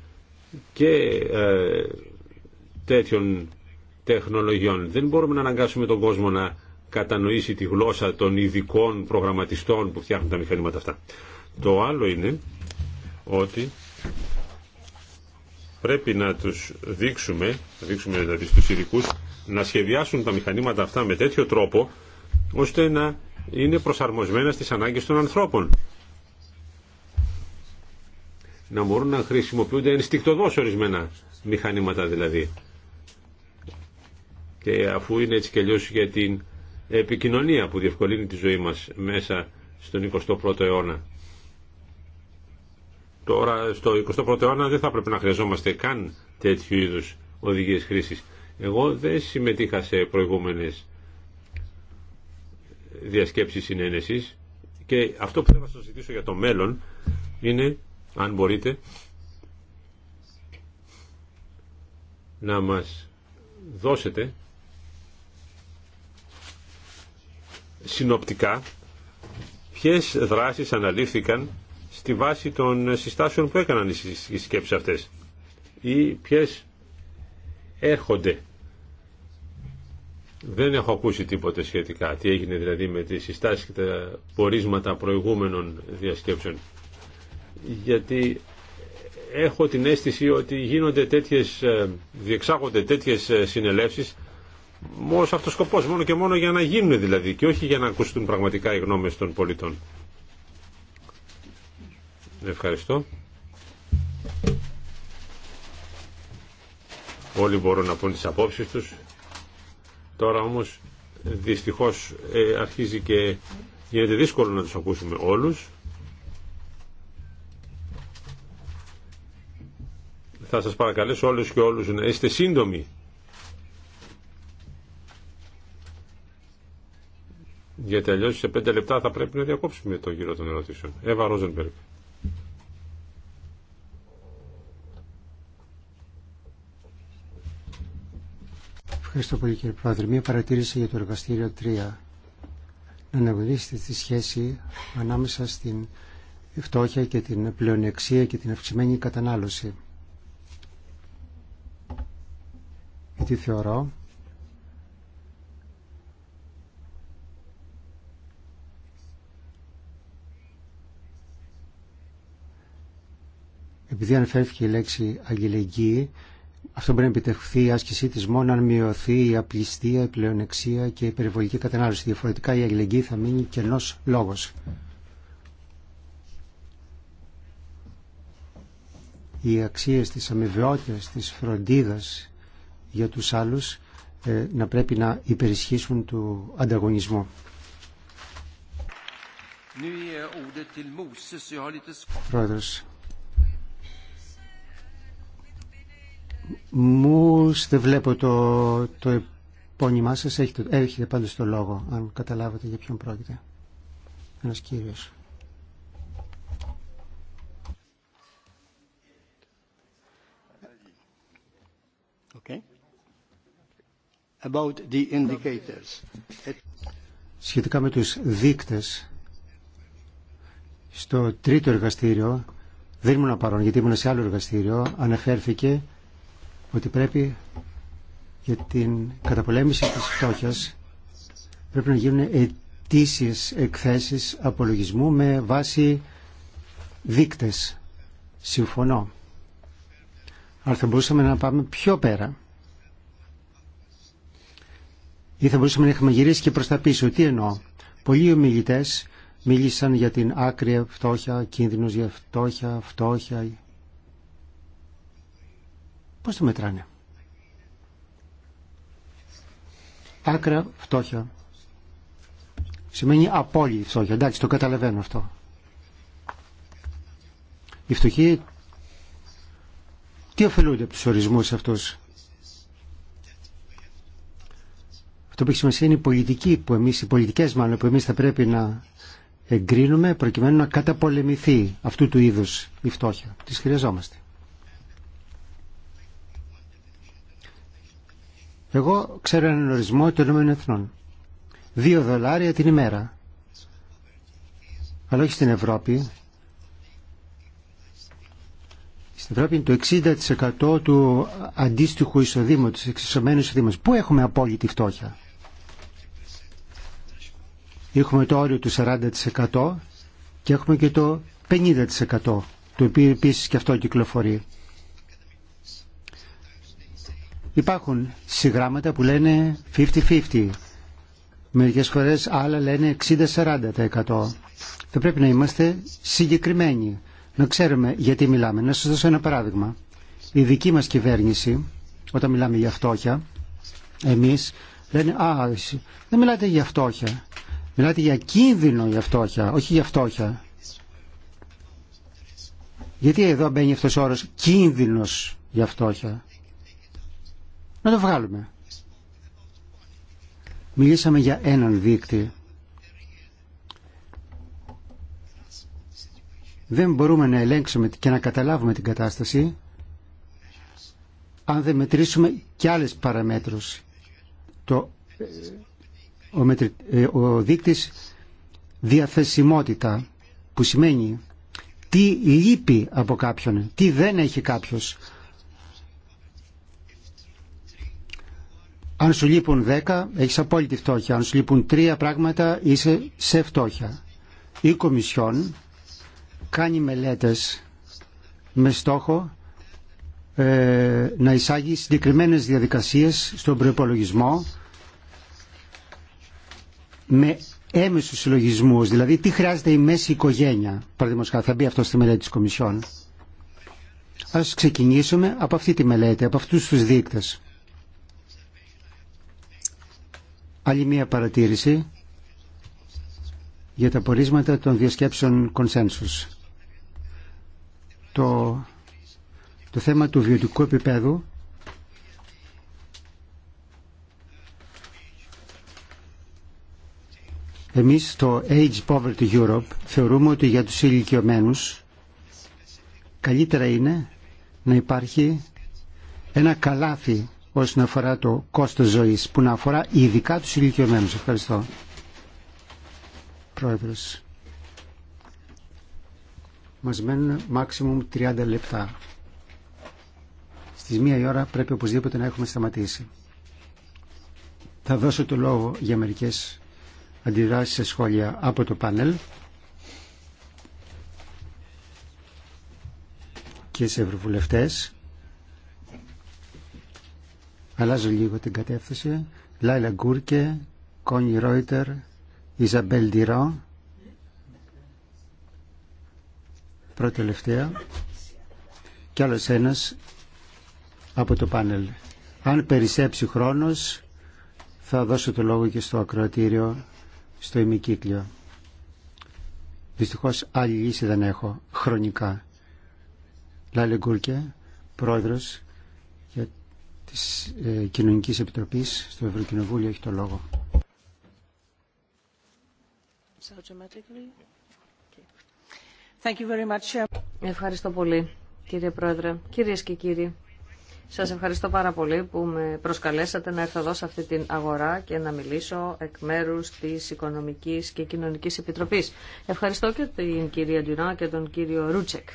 και ε, τέτοιων τεχνολογιών. Δεν μπορούμε να αναγκάσουμε τον κόσμο να κατανοήσει τη γλώσσα των ειδικών προγραμματιστών που φτιάχνουν τα μηχανήματα αυτά. Το άλλο είναι ότι πρέπει να τους δείξουμε, να δείξουμε δηλαδή στους ειδικούς, να σχεδιάσουν τα μηχανήματα αυτά με τέτοιο τρόπο, ώστε να είναι προσαρμοσμένα στις ανάγκες των ανθρώπων. Να μπορούν να χρησιμοποιούνται ενστικτοδός ορισμένα μηχανήματα δηλαδή. Και αφού είναι έτσι και για την επικοινωνία που διευκολύνει τη ζωή μας μέσα στον 21ο αιώνα. Τώρα στο 21ο αιώνα δεν θα πρέπει να χρειαζόμαστε καν τέτοιου είδους οδηγίες χρήσης. Εγώ δεν συμμετείχα σε προηγούμενες διασκέψεις συνένεσης και αυτό που θέλω να σας ζητήσω για το μέλλον είναι, αν μπορείτε, να μας δώσετε συνοπτικά ποιες δράσεις αναλήφθηκαν στη βάση των συστάσεων που έκαναν οι σκέψεις αυτές ή ποιες έρχονται. Δεν έχω ακούσει τίποτε σχετικά. Τι έγινε δηλαδή με τις συστάσεις και τα πορίσματα προηγούμενων διασκέψεων. Γιατί έχω την αίσθηση ότι γίνονται τέτοιες, ε, διεξάγονται τέτοιες ε, συνελεύσεις μόνο σε αυτός σκοπός, μόνο και μόνο για να γίνουν δηλαδή και όχι για να ακουστούν πραγματικά οι γνώμες των πολιτών. Ευχαριστώ. Όλοι μπορούν να πούν τις απόψεις τους. Τώρα όμως δυστυχώς ε, αρχίζει και γίνεται δύσκολο να τους ακούσουμε όλους. Θα σας παρακαλέσω όλους και όλους να είστε σύντομοι. Γιατί αλλιώς σε πέντε λεπτά θα πρέπει να διακόψουμε το γύρο των ερωτήσεων. Εύα Ρόζενμπεργκ. Ευχαριστώ πολύ κύριε Πρόεδρε. Μία παρατήρηση για το εργαστήριο 3. Να αναγνωρίσετε τη σχέση ανάμεσα στην φτώχεια και την πλεονεξία και την αυξημένη κατανάλωση. Γιατί θεωρώ επειδή αναφέρθηκε η λέξη αγγελική αυτό μπορεί να επιτευχθεί η άσκησή της μόνο αν μειωθεί η απληστία, η πλεονεξία και η περιβολική κατανάλωση. Διαφορετικά η αλληλεγγύη θα μείνει κενός λόγο. Οι αξίες της αμοιβαιότητα, της φροντίδας για τους άλλους ε, να πρέπει να υπερισχύσουν του ανταγωνισμού. Πρόεδρος, μου δεν βλέπω το, το επώνυμά σας. Έχετε, έχετε πάντως το λόγο, αν καταλάβατε για ποιον πρόκειται. Ένας κύριος. Okay. About the indicators. Σχετικά με τους δείκτες, στο τρίτο εργαστήριο, δεν ήμουν παρόν γιατί ήμουν σε άλλο εργαστήριο, αναφέρθηκε ότι πρέπει για την καταπολέμηση της φτώχειας πρέπει να γίνουν ετήσιες εκθέσεις απολογισμού με βάση δείκτες. Συμφωνώ. Αλλά θα μπορούσαμε να πάμε πιο πέρα. Ή θα μπορούσαμε να έχουμε γυρίσει και προς τα πίσω. Τι εννοώ. Πολλοί ομιλητές μίλησαν για την άκρη φτώχεια, κίνδυνος για φτώχεια, φτώχεια, Πώς το μετράνε. Άκρα φτώχεια. Σημαίνει απόλυτη φτώχεια. Εντάξει, το καταλαβαίνω αυτό. Οι φτωχοί τι ωφελούνται από τους ορισμούς αυτούς. Αυτό που έχει σημασία είναι η πολιτική που εμείς, οι πολιτικές μάλλον που εμείς θα πρέπει να εγκρίνουμε προκειμένου να καταπολεμηθεί αυτού του είδους η φτώχεια. Τις χρειαζόμαστε. Εγώ ξέρω έναν ορισμό των Ηνωμένων Εθνών. Δύο δολάρια την ημέρα. Αλλά όχι στην Ευρώπη. Στην Ευρώπη είναι το 60% του αντίστοιχου του εξισωμένου εισοδήμου. Πού έχουμε απόλυτη φτώχεια. Έχουμε το όριο του 40% και έχουμε και το 50% το οποίο επίσης και αυτό κυκλοφορεί. Υπάρχουν συγγράμματα που λένε 50-50. Μερικές φορές άλλα λένε 60-40%. Θα πρέπει να είμαστε συγκεκριμένοι, να ξέρουμε γιατί μιλάμε. Να σας δώσω ένα παράδειγμα. Η δική μας κυβέρνηση, όταν μιλάμε για φτώχεια, εμείς λένε «Α, δεν μιλάτε για φτώχεια, μιλάτε για κίνδυνο για φτώχεια, όχι για φτώχεια». Γιατί εδώ μπαίνει αυτός ο όρος «κίνδυνος για φτώχεια» να το βγάλουμε. Μιλήσαμε για έναν δείκτη. Δεν μπορούμε να ελέγξουμε και να καταλάβουμε την κατάσταση αν δεν μετρήσουμε και άλλες παραμέτρους. Το, ε, ο, μετρη, ε, ο διαθεσιμότητα που σημαίνει τι λείπει από κάποιον, τι δεν έχει κάποιος, Αν σου λείπουν δέκα, έχεις απόλυτη φτώχεια. Αν σου λείπουν τρία πράγματα, είσαι σε φτώχεια. Η Κομισιόν κάνει μελέτες με στόχο ε, να εισάγει συγκεκριμένε διαδικασίες στον προπολογισμό με έμεσους συλλογισμούς, δηλαδή τι χρειάζεται η μέση οικογένεια, παραδείγματος θα μπει αυτό στη μελέτη της Κομισιόν. Ας ξεκινήσουμε από αυτή τη μελέτη, από αυτούς τους δείκτες. Άλλη μία παρατήρηση για τα πορίσματα των διασκέψεων κονσένσους. Το, το θέμα του βιωτικού επίπεδου Εμείς στο Age Poverty Europe θεωρούμε ότι για τους ηλικιωμένου καλύτερα είναι να υπάρχει ένα καλάθι όσον αφορά το κόστος ζωής που να αφορά ειδικά τους ηλικιωμένους. Ευχαριστώ. Πρόεδρος. Μας μένουν maximum 30 λεπτά. Στις μία η ώρα πρέπει οπωσδήποτε να έχουμε σταματήσει. Θα δώσω το λόγο για μερικές αντιδράσεις σε σχόλια από το πάνελ και σε ευρωβουλευτές Αλλάζω λίγο την κατεύθυνση. Λάιλα Γκούρκε, Κόνι Ρόιτερ, Ιζαμπέλ Ντιρό. Πρώτη τελευταία. και άλλος ένας από το πάνελ. Αν περισσέψει χρόνος, θα δώσω το λόγο και στο ακροατήριο, στο ημικύκλιο. Δυστυχώς άλλη λύση δεν έχω, χρονικά. Λάιλα Γκούρκε, πρόεδρος της ε, Κοινωνικής Επιτροπής στο Ευρωκοινοβούλιο έχει το λόγο. Ευχαριστώ πολύ κύριε Πρόεδρε. Κυρίες και κύριοι, σας ευχαριστώ πάρα πολύ που με προσκαλέσατε να έρθω εδώ σε αυτή την αγορά και να μιλήσω εκ μέρους της Οικονομικής και Κοινωνικής Επιτροπής. Ευχαριστώ και την κυρία Ντουνά και τον κύριο Ρούτσεκ.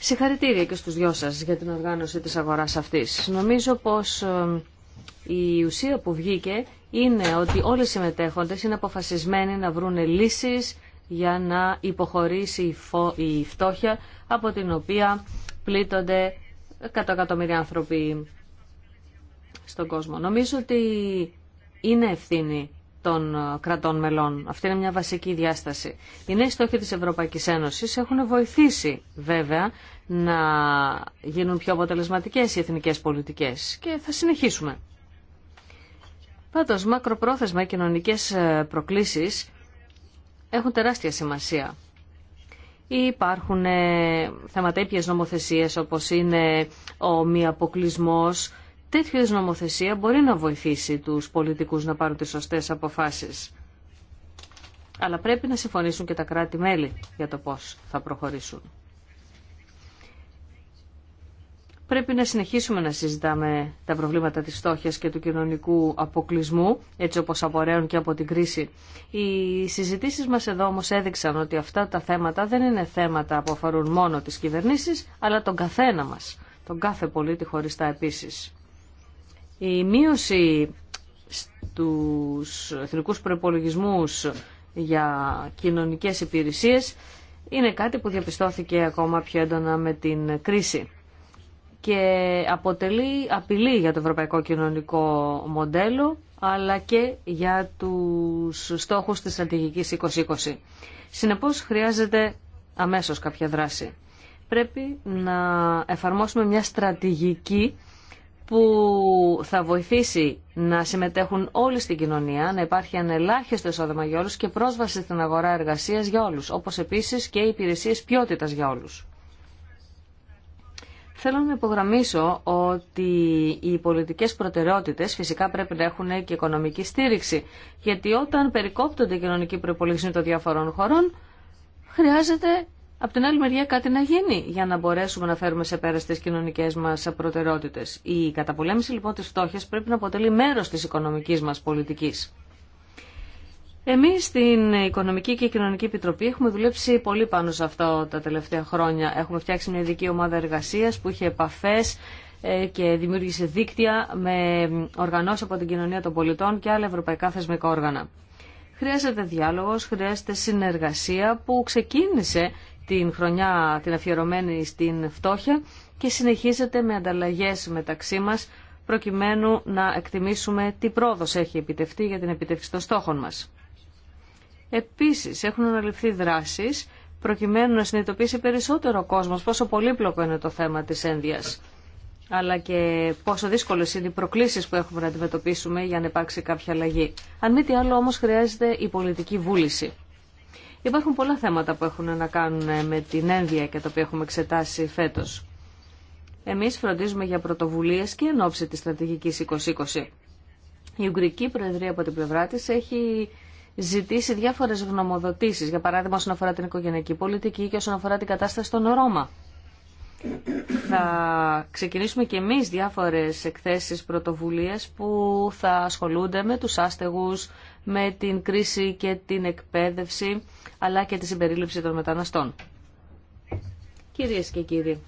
Συγχαρητήρια και στους δυο σας για την οργάνωση της αγοράς αυτής. Νομίζω πως ε, η ουσία που βγήκε είναι ότι όλοι οι συμμετέχοντες είναι αποφασισμένοι να βρουν λύσεις για να υποχωρήσει η φτώχεια από την οποία πλήττονται εκατομμύρια άνθρωποι στον κόσμο. Νομίζω ότι είναι ευθύνη των ε, κρατών μελών. Αυτή είναι μια βασική διάσταση. Οι νέοι στόχοι της Ευρωπαϊκής Ένωσης έχουν βοηθήσει βέβαια να γίνουν πιο αποτελεσματικές οι εθνικές πολιτικές και θα συνεχίσουμε. Πάντως, μακροπρόθεσμα οι κοινωνικές ε, προκλήσεις έχουν τεράστια σημασία. Υπάρχουν ε, θέματα ήπιες νομοθεσίες όπως είναι ο μη αποκλεισμός, τέτοιου είδους νομοθεσία μπορεί να βοηθήσει τους πολιτικούς να πάρουν τις σωστές αποφάσεις. Αλλά πρέπει να συμφωνήσουν και τα κράτη-μέλη για το πώς θα προχωρήσουν. Πρέπει να συνεχίσουμε να συζητάμε τα προβλήματα της στόχιας και του κοινωνικού αποκλεισμού, έτσι όπως απορρέουν και από την κρίση. Οι συζητήσεις μας εδώ όμως έδειξαν ότι αυτά τα θέματα δεν είναι θέματα που αφορούν μόνο τις κυβερνήσεις, αλλά τον καθένα μας, τον κάθε πολίτη χωριστά επίσης. Η μείωση στους εθνικούς προϋπολογισμούς για κοινωνικές υπηρεσίες είναι κάτι που διαπιστώθηκε ακόμα πιο έντονα με την κρίση και αποτελεί απειλή για το ευρωπαϊκό κοινωνικό μοντέλο αλλά και για τους στόχους της στρατηγικής 2020. Συνεπώς χρειάζεται αμέσως κάποια δράση. Πρέπει να εφαρμόσουμε μια στρατηγική που θα βοηθήσει να συμμετέχουν όλοι στην κοινωνία, να υπάρχει ανελάχιστο ελάχιστο εισόδημα για όλους και πρόσβαση στην αγορά εργασίας για όλους, όπως επίσης και υπηρεσίες ποιότητας για όλους. Θέλω να υπογραμμίσω ότι οι πολιτικές προτεραιότητες φυσικά πρέπει να έχουν και οικονομική στήριξη, γιατί όταν περικόπτονται οι κοινωνικοί προπολογισμοί των διαφορών χωρών, χρειάζεται Απ' την άλλη μεριά κάτι να γίνει για να μπορέσουμε να φέρουμε σε πέρα στις κοινωνικές μας προτεραιότητες. Η καταπολέμηση λοιπόν της φτώχειας πρέπει να αποτελεί μέρος της οικονομικής μας πολιτικής. Εμείς στην Οικονομική και Κοινωνική Επιτροπή έχουμε δουλέψει πολύ πάνω σε αυτό τα τελευταία χρόνια. Έχουμε φτιάξει μια ειδική ομάδα εργασίας που είχε επαφές ε, και δημιούργησε δίκτυα με οργανώσεις από την κοινωνία των πολιτών και άλλα ευρωπαϊκά θεσμικά όργανα. Χρειάζεται διάλογος, χρειάζεται συνεργασία που ξεκίνησε την χρονιά την αφιερωμένη στην φτώχεια και συνεχίζεται με ανταλλαγές μεταξύ μας προκειμένου να εκτιμήσουμε τι πρόοδος έχει επιτευχθεί για την επιτευχή των στόχων μας. Επίσης έχουν αναλυφθεί δράσεις προκειμένου να συνειδητοποιήσει περισσότερο ο κόσμος πόσο πολύπλοκο είναι το θέμα της ένδυας αλλά και πόσο δύσκολε είναι οι προκλήσει που έχουμε να αντιμετωπίσουμε για να υπάρξει κάποια αλλαγή. Αν μη τι άλλο, όμω, χρειάζεται η πολιτική βούληση. Υπάρχουν πολλά θέματα που έχουν να κάνουν με την ένδια και τα οποία έχουμε εξετάσει φέτο. Εμεί φροντίζουμε για πρωτοβουλίε και εν ώψη τη στρατηγική 2020. Η Ουγγρική Προεδρία από την πλευρά τη έχει ζητήσει διάφορε γνωμοδοτήσει, για παράδειγμα όσον αφορά την οικογενειακή πολιτική και όσον αφορά την κατάσταση των Ρώμα. Θα ξεκινήσουμε και εμείς διάφορες εκθέσεις πρωτοβουλίες που θα ασχολούνται με τους άστεγους, με την κρίση και την εκπαίδευση, αλλά και τη συμπερίληψη των μεταναστών. Κυρίες και κύριοι,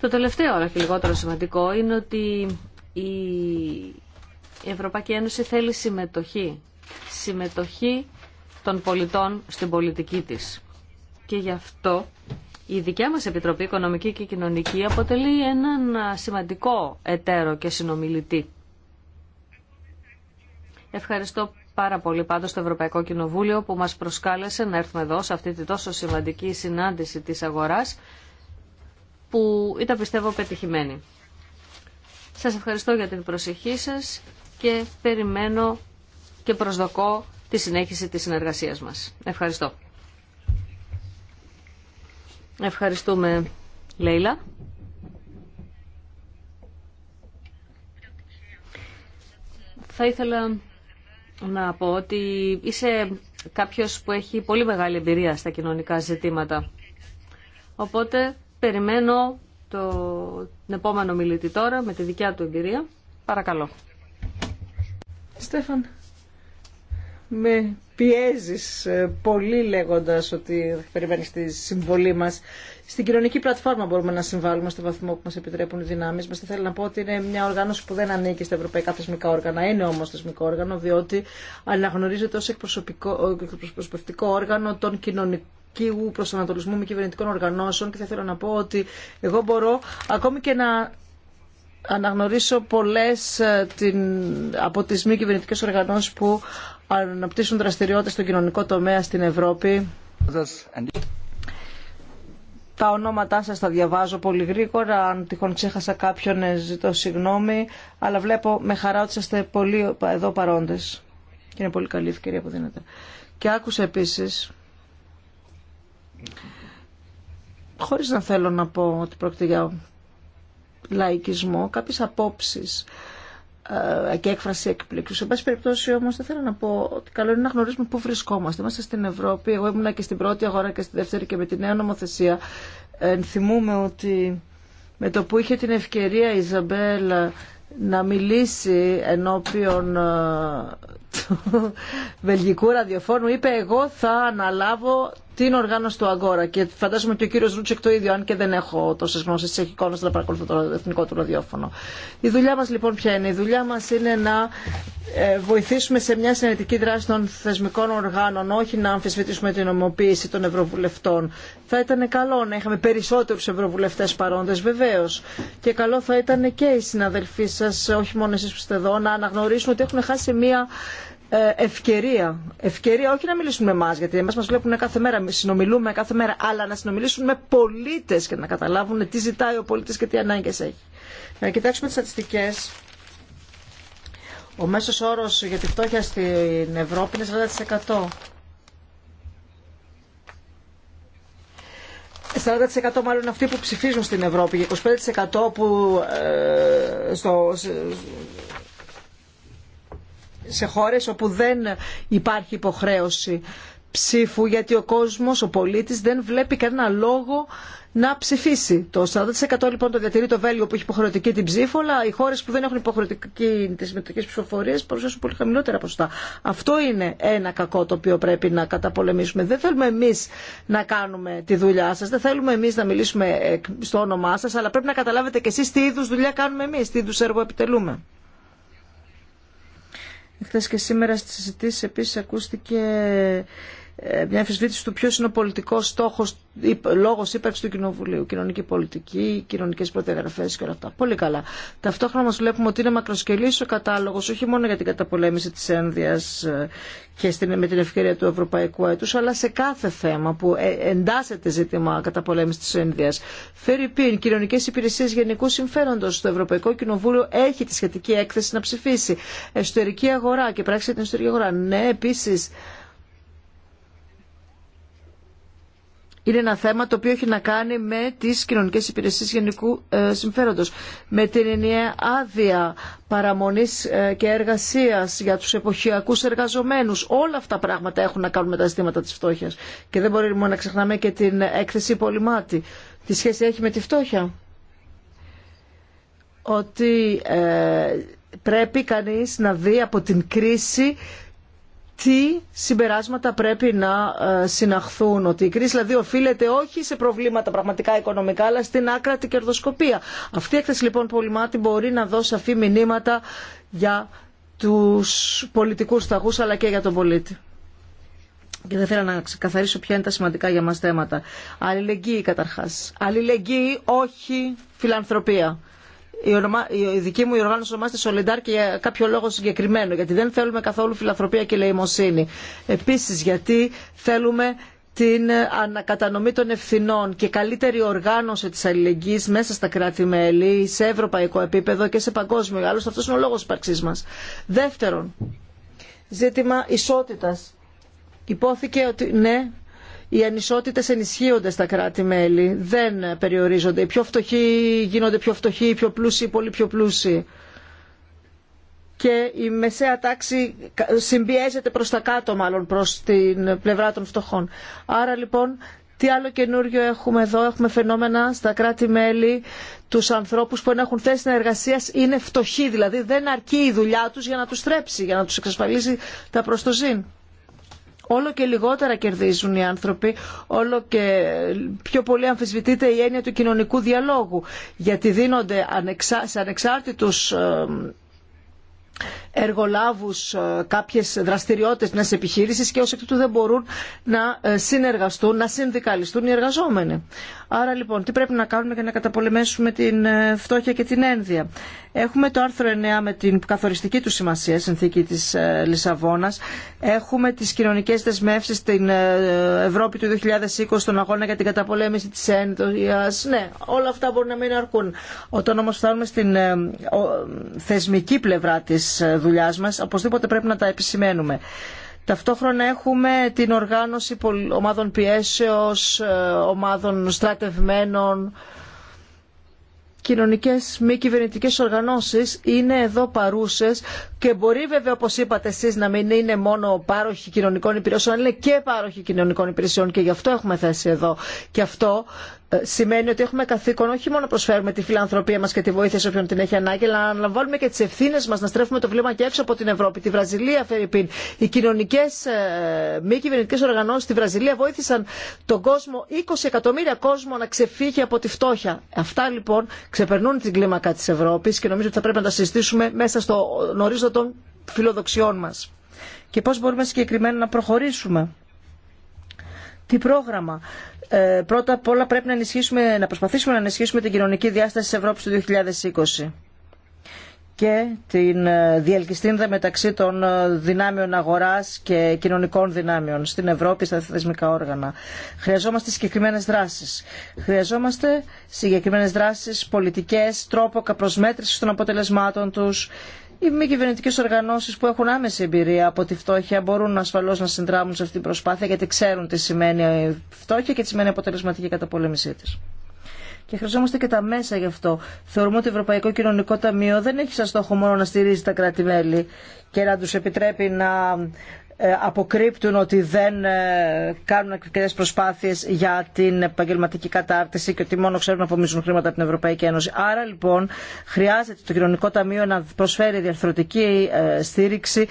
το τελευταίο αλλά και λιγότερο σημαντικό είναι ότι η Ευρωπαϊκή Ένωση θέλει συμμετοχή. Συμμετοχή των πολιτών στην πολιτική της. Και γι' αυτό η δικιά μας Επιτροπή Οικονομική και Κοινωνική αποτελεί έναν σημαντικό εταίρο και συνομιλητή. Ευχαριστώ πάρα πολύ πάντω στο Ευρωπαϊκό Κοινοβούλιο που μας προσκάλεσε να έρθουμε εδώ σε αυτή τη τόσο σημαντική συνάντηση της αγοράς που ήταν πιστεύω πετυχημένη. Σας ευχαριστώ για την προσοχή σας και περιμένω και προσδοκώ τη συνέχιση της συνεργασίας μας. Ευχαριστώ. Ευχαριστούμε, Λέιλα. Θα ήθελα να πω ότι είσαι κάποιος που έχει πολύ μεγάλη εμπειρία στα κοινωνικά ζητήματα. Οπότε περιμένω το, τον επόμενο μιλητή τώρα με τη δικιά του εμπειρία. Παρακαλώ. Στέφαν, με πιέζεις ε, πολύ λέγοντας ότι περιμένεις τη συμβολή μας στην κοινωνική πλατφόρμα μπορούμε να συμβάλλουμε στο βαθμό που μα επιτρέπουν οι δυνάμει μα. Θα θέλω να πω ότι είναι μια οργάνωση που δεν ανήκει στα ευρωπαϊκά θεσμικά όργανα. Είναι όμω θεσμικό όργανο, διότι αναγνωρίζεται ω εκπροσωπευτικό όργανο των κοινωνικών προσανατολισμού μη κυβερνητικών οργανώσεων και θα θέλω να πω ότι εγώ μπορώ ακόμη και να αναγνωρίσω πολλές ε, την, από τις μη κυβερνητικέ οργανώσεις που αναπτύσσουν δραστηριότητες στον κοινωνικό τομέα στην Ευρώπη. Τα ονόματά σας τα διαβάζω πολύ γρήγορα, αν τυχόν ξέχασα κάποιον ε, ζητώ συγγνώμη, αλλά βλέπω με χαρά ότι είστε πολύ εδώ παρόντες και είναι πολύ καλή ευκαιρία που δίνετε. Και άκουσα επίσης, χωρίς να θέλω να πω ότι πρόκειται για λαϊκισμό, κάποιες απόψεις ε, και έκφραση έκπληξη. Σε πάση περιπτώσει όμω θα θέλω να πω ότι καλό είναι να γνωρίζουμε πού βρισκόμαστε. Είμαστε στην Ευρώπη. Εγώ ήμουν και στην πρώτη αγορά και στη δεύτερη και με τη νέα νομοθεσία. Ενθυμούμε ότι με το που είχε την ευκαιρία η Ιζαμπέλ να μιλήσει ενώπιον ε, του (laughs) βελγικού ραδιοφώνου είπε εγώ θα αναλάβω την οργάνωση του Αγκόρα και φαντάζομαι και ο κύριο Ρούτσεκ το ίδιο, αν και δεν έχω τόσε γνώσει, έχει εικόνα, να παρακολουθώ το εθνικό του ραδιόφωνο. Η δουλειά μα λοιπόν ποια είναι. Η δουλειά μα είναι να ε, βοηθήσουμε σε μια συνεργατική δράση των θεσμικών οργάνων, όχι να αμφισβητήσουμε την νομοποίηση των Ευρωβουλευτών. Θα ήταν καλό να είχαμε περισσότερου Ευρωβουλευτέ παρόντε, βεβαίω. Και καλό θα ήταν και οι συναδελφοί σα, όχι μόνο εσεί που είστε εδώ, να αναγνωρίσουν ότι έχουν χάσει μια ε, ευκαιρία. Ευκαιρία όχι να μιλήσουν με εμά, γιατί εμά μα βλέπουν κάθε μέρα, συνομιλούμε κάθε μέρα, αλλά να συνομιλήσουν με πολίτε και να καταλάβουν τι ζητάει ο πολίτη και τι ανάγκε έχει. Να κοιτάξουμε τι στατιστικέ. Ο μέσος όρος για τη φτώχεια στην Ευρώπη είναι 40%. 40% μάλλον αυτοί που ψηφίζουν στην Ευρώπη 25% που ε, στο, σε χώρες όπου δεν υπάρχει υποχρέωση ψήφου γιατί ο κόσμος, ο πολίτης δεν βλέπει κανένα λόγο να ψηφίσει. Το 40% λοιπόν το διατηρεί το Βέλγιο που έχει υποχρεωτική την ψήφο, αλλά οι χώρε που δεν έχουν υποχρεωτική τι συμμετοχέ ψηφοφορίε παρουσιάζουν πολύ χαμηλότερα ποσοστά. Αυτό είναι ένα κακό το οποίο πρέπει να καταπολεμήσουμε. Δεν θέλουμε εμεί να κάνουμε τη δουλειά σα, δεν θέλουμε εμεί να μιλήσουμε στο όνομά σα, αλλά πρέπει να καταλάβετε κι εσεί τι είδου δουλειά κάνουμε εμεί, τι είδου έργο επιτελούμε. Χθε και σήμερα στις συζητήσει επίσης ακούστηκε ε, μια αμφισβήτηση του ποιο είναι ο πολιτικό στόχο, λόγο ύπαρξη του Κοινοβουλίου. Κοινωνική πολιτική, κοινωνικέ προδιαγραφέ και όλα αυτά. Πολύ καλά. Ταυτόχρονα μα βλέπουμε ότι είναι μακροσκελή ο κατάλογο, όχι μόνο για την καταπολέμηση τη ένδυα ε, και στην, με την ευκαιρία του Ευρωπαϊκού Έτου, αλλά σε κάθε θέμα που ε, εντάσσεται ζήτημα καταπολέμηση τη ένδυα. Φέρει πίν, κοινωνικέ υπηρεσίε γενικού συμφέροντο. Το Ευρωπαϊκό Κοινοβούλιο έχει τη σχετική έκθεση να ψηφίσει. Εσωτερική αγορά και πράξη την εσωτερική αγορά. Ναι, επίση είναι ένα θέμα το οποίο έχει να κάνει με τις κοινωνικές υπηρεσίες γενικού ε, συμφέροντος, με την ενιαία άδεια παραμονής ε, και εργασίας για τους εποχιακούς εργαζομένους. Όλα αυτά πράγματα έχουν να κάνουν με τα ζητήματα της φτώχειας. Και δεν μπορεί μόνο να ξεχνάμε και την έκθεση Πολυμάτη. Τι σχέση έχει με τη φτώχεια. Ότι ε, πρέπει κανείς να δει από την κρίση τι συμπεράσματα πρέπει να ε, συναχθούν. Ότι η κρίση δηλαδή οφείλεται όχι σε προβλήματα πραγματικά οικονομικά, αλλά στην άκρατη κερδοσκοπία. Αυτή η έκθεση λοιπόν Πολυμάτη μπορεί να δώσει σαφή μηνύματα για τους πολιτικούς σταγούς αλλά και για τον πολίτη. Και δεν θέλω να ξεκαθαρίσω ποια είναι τα σημαντικά για μας θέματα. Αλληλεγγύη καταρχάς. Αλληλεγγύη όχι φιλανθρωπία η, η δική μου η οργάνωση ονομάζεται Solidar και για κάποιο λόγο συγκεκριμένο, γιατί δεν θέλουμε καθόλου φιλαθροπία και λαιμοσύνη. Επίσης γιατί θέλουμε την ανακατανομή των ευθυνών και καλύτερη οργάνωση της αλληλεγγύης μέσα στα κράτη-μέλη, σε ευρωπαϊκό επίπεδο και σε παγκόσμιο. Άλλωστε αυτός είναι ο λόγος υπαρξής μας. Δεύτερον, ζήτημα ισότητας. Υπόθηκε ότι ναι, οι ανισότητες ενισχύονται στα κράτη-μέλη, δεν περιορίζονται. Οι πιο φτωχοί γίνονται πιο φτωχοί, οι πιο πλούσιοι πολύ πιο πλούσιοι. Και η μεσαία τάξη συμπιέζεται προς τα κάτω μάλλον, προς την πλευρά των φτωχών. Άρα λοιπόν τι άλλο καινούριο έχουμε εδώ, έχουμε φαινόμενα στα κράτη-μέλη, τους ανθρώπους που έχουν θέση εργασία είναι φτωχοί, δηλαδή δεν αρκεί η δουλειά τους για να τους στρέψει, για να τους εξασφαλίσει τα προστοζήν όλο και λιγότερα κερδίζουν οι άνθρωποι, όλο και πιο πολύ αμφισβητείται η έννοια του κοινωνικού διαλόγου, γιατί δίνονται σε ανεξάρτητους εργολάβους ε, κάποιες δραστηριότητες μιας επιχείρησης και ως εκ τούτου δεν μπορούν να ε, συνεργαστούν, να συνδικαλιστούν οι εργαζόμενοι. Άρα λοιπόν, τι πρέπει να κάνουμε για να καταπολεμήσουμε την ε, φτώχεια και την ένδυα. Έχουμε το άρθρο 9 με την καθοριστική του σημασία, συνθήκη τη ε, Λισαβόνα. Έχουμε τι κοινωνικέ δεσμεύσει στην ε, Ευρώπη του 2020, στον αγώνα για την καταπολέμηση τη ένδυα. Ναι, όλα αυτά μπορεί να μην αρκούν. Όταν όμω φτάνουμε στην θεσμική πλευρά τη δουλειά μα, οπωσδήποτε πρέπει να τα επισημαίνουμε. Ταυτόχρονα έχουμε την οργάνωση ομάδων πιέσεως, ε, ομάδων στρατευμένων, κοινωνικές μη κυβερνητικές οργανώσεις είναι εδώ παρούσες και μπορεί βέβαια όπως είπατε εσείς να μην είναι μόνο πάροχοι κοινωνικών υπηρεσιών αλλά είναι και πάροχοι κοινωνικών υπηρεσιών και γι' αυτό έχουμε θέση εδώ. Και αυτό ε, σημαίνει ότι έχουμε καθήκον όχι μόνο να προσφέρουμε τη φιλανθρωπία μα και τη βοήθεια σε όποιον την έχει ανάγκη, αλλά να αναλαμβάνουμε και τι ευθύνε μα, να στρέφουμε το βλέμμα και έξω από την Ευρώπη. Τη Βραζιλία, Φερρυπίν, οι κοινωνικέ ε, μη κυβερνητικέ οργανώσει στη Βραζιλία βοήθησαν τον κόσμο, 20 εκατομμύρια κόσμο να ξεφύγει από τη φτώχεια. Αυτά λοιπόν ξεπερνούν την κλίμακα τη Ευρώπη και νομίζω ότι θα πρέπει να τα συζητήσουμε μέσα στο ορίζοντα των φιλοδοξιών μα. Και πώ μπορούμε συγκεκριμένα να προχωρήσουμε. Τι πρόγραμμα. Ε, πρώτα απ' όλα πρέπει να, ενισχύσουμε, να προσπαθήσουμε να ενισχύσουμε την κοινωνική διάσταση της Ευρώπης του 2020 και την ε, διελκυστίνδα μεταξύ των ε, δυνάμεων αγοράς και κοινωνικών δυνάμεων στην Ευρώπη, στα θεσμικά όργανα. Χρειαζόμαστε συγκεκριμένες δράσεις. Χρειαζόμαστε συγκεκριμένες δράσεις πολιτικές, τρόπο καπροσμέτρησης των αποτελεσμάτων τους, οι μη κυβερνητικέ οργανώσει που έχουν άμεση εμπειρία από τη φτώχεια μπορούν ασφαλώ να συνδράμουν σε αυτή την προσπάθεια γιατί ξέρουν τι σημαίνει η φτώχεια και τι σημαίνει αποτελεσματική καταπολέμησή τη. Και χρειαζόμαστε και τα μέσα γι' αυτό. Θεωρούμε ότι το Ευρωπαϊκό Κοινωνικό Ταμείο δεν έχει σαν στόχο μόνο να στηρίζει τα κράτη-μέλη και να του επιτρέπει να ε, αποκρύπτουν ότι δεν ε, κάνουν αρκετέ προσπάθειε για την επαγγελματική κατάρτιση και ότι μόνο ξέρουν να απομίζουν χρήματα από την Ευρωπαϊκή Ένωση. Άρα λοιπόν χρειάζεται το Κοινωνικό Ταμείο να προσφέρει διαρθρωτική ε, στήριξη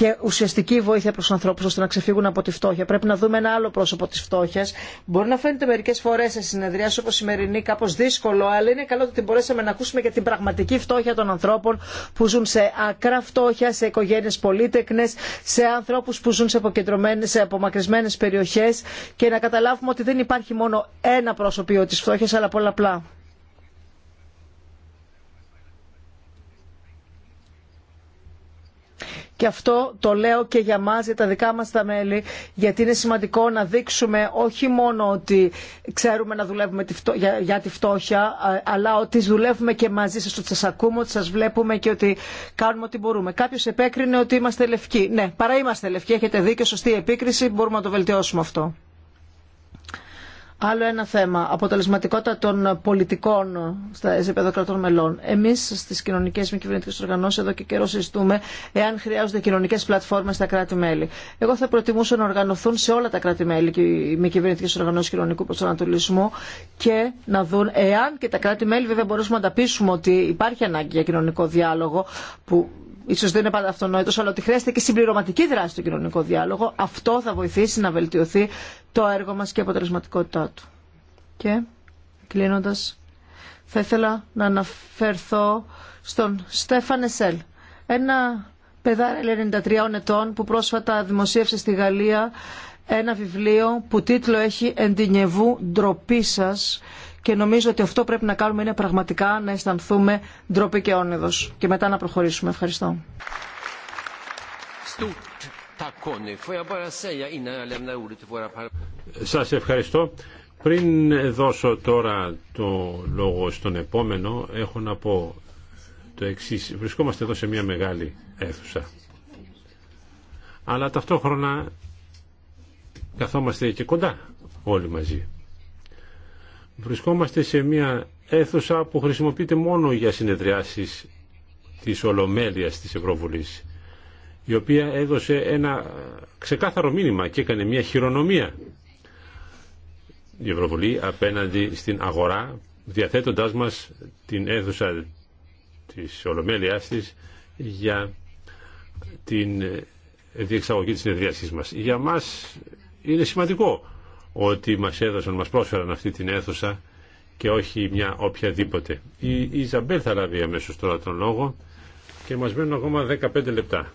και ουσιαστική βοήθεια προ του ανθρώπου ώστε να ξεφύγουν από τη φτώχεια. Πρέπει να δούμε ένα άλλο πρόσωπο τη φτώχεια. Μπορεί να φαίνεται μερικέ φορέ σε συνεδρία όπω σημερινή κάπω δύσκολο, αλλά είναι καλό ότι μπορέσαμε να ακούσουμε για την πραγματική φτώχεια των ανθρώπων που ζουν σε ακρά φτώχεια, σε οικογένειε πολίτεκνε, σε ανθρώπου που ζουν σε, σε απομακρυσμένε περιοχέ και να καταλάβουμε ότι δεν υπάρχει μόνο ένα πρόσωπο τη φτώχεια, αλλά πολλαπλά. Και αυτό το λέω και για μας, για τα δικά μας τα μέλη, γιατί είναι σημαντικό να δείξουμε όχι μόνο ότι ξέρουμε να δουλεύουμε για τη φτώχεια, ε, αλλά ότι δουλεύουμε και μαζί σας, ότι σας ακούμε, ότι σας βλέπουμε και ότι κάνουμε ό,τι μπορούμε. Κάποιος επέκρινε ότι είμαστε λευκοί. Ναι, παρά είμαστε λευκοί, έχετε δει και σωστή επίκριση, μπορούμε να το βελτιώσουμε αυτό. Άλλο ένα θέμα, αποτελεσματικότητα των πολιτικών στα επίπεδα κρατών μελών. Εμεί στι κοινωνικέ μη κυβερνητικέ οργανώσει εδώ και καιρό συζητούμε εάν χρειάζονται κοινωνικέ πλατφόρμε στα κράτη-μέλη. Εγώ θα προτιμούσα να οργανωθούν σε όλα τα κράτη-μέλη και οι μη κυβερνητικέ οργανώσει κοινωνικού προσανατολισμού και να δουν εάν και τα κράτη-μέλη βέβαια μπορούμε να τα πείσουμε ότι υπάρχει ανάγκη για κοινωνικό διάλογο που ίσως δεν είναι πάντα αυτονόητο, αλλά ότι χρειάζεται και συμπληρωματική δράση στον κοινωνικό διάλογο. Αυτό θα βοηθήσει να βελτιωθεί το έργο μας και η αποτελεσματικότητά του. Και κλείνοντας, θα ήθελα να αναφερθώ στον Στέφαν Εσέλ, ένα παιδάρι 93 ετών που πρόσφατα δημοσίευσε στη Γαλλία ένα βιβλίο που τίτλο έχει «Εντινιεβού ντροπή σα και νομίζω ότι αυτό πρέπει να κάνουμε είναι πραγματικά να αισθανθούμε ντροπή και όνειδος και μετά να προχωρήσουμε. Ευχαριστώ. Σα ευχαριστώ. Πριν δώσω τώρα το λόγο στον επόμενο, έχω να πω το εξή. Βρισκόμαστε εδώ σε μια μεγάλη αίθουσα. Αλλά ταυτόχρονα καθόμαστε και κοντά όλοι μαζί. Βρισκόμαστε σε μια αίθουσα που χρησιμοποιείται μόνο για συνεδριάσεις της Ολομέλειας της Ευρωβουλής η οποία έδωσε ένα ξεκάθαρο μήνυμα και έκανε μια χειρονομία η Ευρωβουλή απέναντι στην αγορά διαθέτοντάς μας την αίθουσα της Ολομέλειάς της για την διεξαγωγή της συνεδρίασής μας. Για μας είναι σημαντικό ότι μας έδωσαν, μας πρόσφεραν αυτή την αίθουσα και όχι μια οποιαδήποτε. Η Ιζαμπέλ θα λάβει αμέσως τώρα τον λόγο και μας μένουν ακόμα 15 λεπτά.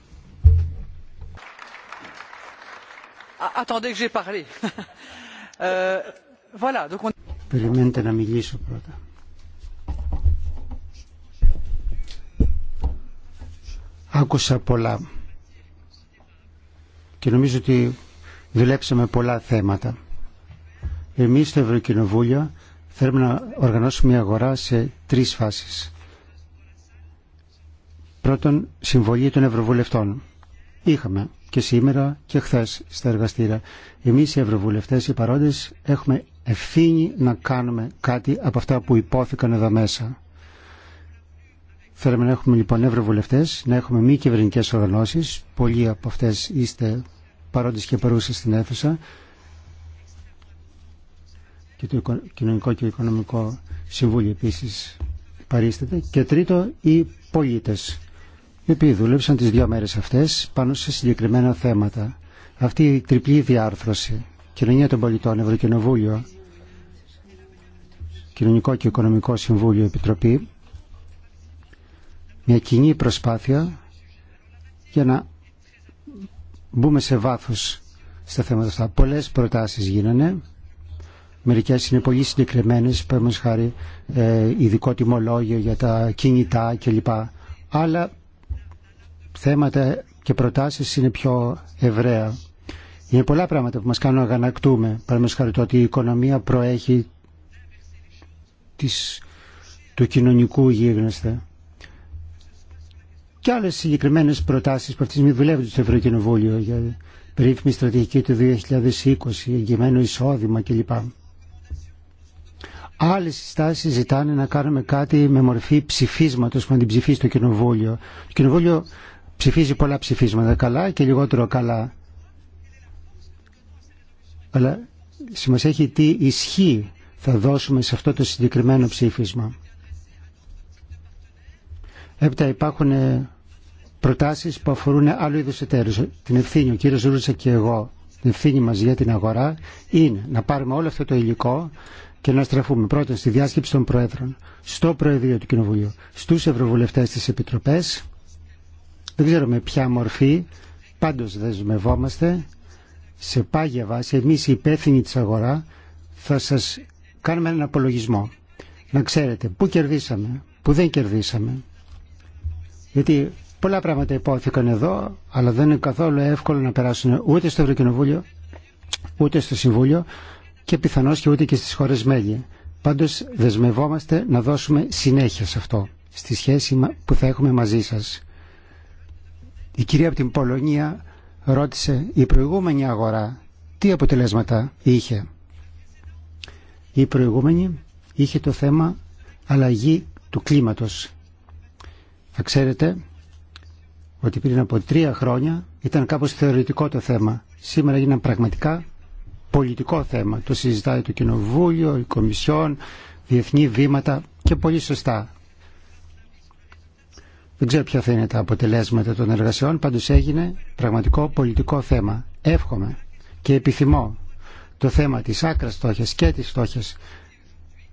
Attendez que j'ai parlé. (laughs) Euh, voilà, donc on... Περιμένετε να μιλήσω πρώτα. Άκουσα πολλά και νομίζω ότι δουλέψαμε πολλά θέματα. Εμείς στο Ευρωκοινοβούλιο θέλουμε να οργανώσουμε μια αγορά σε τρεις φάσεις. Πρώτον, συμβολή των Ευρωβουλευτών. Είχαμε και σήμερα και χθε στα εργαστήρια. Εμείς οι Ευρωβουλευτές, οι παρόντες, έχουμε ευθύνη να κάνουμε κάτι από αυτά που υπόθηκαν εδώ μέσα. Θέλουμε να έχουμε λοιπόν ευρωβουλευτέ, να έχουμε μη κυβερνικέ οργανώσει. Πολλοί από αυτέ είστε παρόντε και παρούσε στην αίθουσα και το Κοινωνικό και Οικονομικό Συμβούλιο επίσης παρίσταται και τρίτο οι πολίτες οι οποίοι δούλεψαν τις δύο μέρες αυτές πάνω σε συγκεκριμένα θέματα. Αυτή η τριπλή διάρθρωση, κοινωνία των πολιτών, Ευρωκοινοβούλιο, Κοινωνικό και Οικονομικό Συμβούλιο Επιτροπή, μια κοινή προσπάθεια για να μπούμε σε βάθος στα θέματα αυτά. Πολλές προτάσεις γίνανε Μερικές είναι πολύ συγκεκριμένες, παραδείγματος χάρη ε, ειδικό τιμολόγιο για τα κινητά κλπ. Αλλά θέματα και προτάσεις είναι πιο ευραία. Είναι πολλά πράγματα που μας κάνουν να αγανακτούμε. Παραδείγματος χάρη το ότι η οικονομία προέχει της, του κοινωνικού γίγνεσθε. Και άλλε συγκεκριμένε προτάσει που αυτή τη στιγμή δουλεύουν στο Ευρωκοινοβούλιο για περίφημη στρατηγική του 2020, εγγυημένο εισόδημα κλπ. Άλλε συστάσει ζητάνε να κάνουμε κάτι με μορφή ψηφίσματος που να την ψηφίσει το Κοινοβούλιο. Το Κοινοβούλιο ψηφίζει πολλά ψηφίσματα καλά και λιγότερο καλά. Αλλά σημασία έχει τι ισχύ θα δώσουμε σε αυτό το συγκεκριμένο ψήφισμα. Έπειτα υπάρχουν ε, προτάσεις που αφορούν άλλου είδους εταίρου. Την ευθύνη, ο κύριο Ρούτσα και εγώ, την ευθύνη μα για την αγορά είναι να πάρουμε όλο αυτό το υλικό, και να στραφούμε πρώτα στη διάσκεψη των Προέδρων, στο Προεδρείο του Κοινοβουλίου, στους Ευρωβουλευτές της Επιτροπές. Δεν ξέρω με ποια μορφή, πάντως δεσμευόμαστε σε πάγια βάση. Εμείς οι υπεύθυνοι της αγορά θα σας κάνουμε έναν απολογισμό. Να ξέρετε πού κερδίσαμε, πού δεν κερδίσαμε. Γιατί πολλά πράγματα υπόθηκαν εδώ, αλλά δεν είναι καθόλου εύκολο να περάσουν ούτε στο Ευρωκοινοβούλιο, ούτε στο Συμβούλιο, και πιθανώ και ούτε και στις χωρέ μέλη. Πάντως δεσμευόμαστε να δώσουμε συνέχεια σε αυτό, στη σχέση που θα έχουμε μαζί σας. Η κυρία από την Πολωνία ρώτησε η προηγούμενη αγορά τι αποτελέσματα είχε. Η προηγούμενη είχε το θέμα αλλαγή του κλίματος. Θα ξέρετε ότι πριν από τρία χρόνια ήταν κάπως θεωρητικό το θέμα. Σήμερα γίνανε πραγματικά πολιτικό θέμα. Το συζητάει το Κοινοβούλιο, η Κομισιόν, διεθνή βήματα και πολύ σωστά. Δεν ξέρω ποια θα είναι τα αποτελέσματα των εργασιών, πάντως έγινε πραγματικό πολιτικό θέμα. Εύχομαι και επιθυμώ το θέμα της άκρας στόχες και της στόχες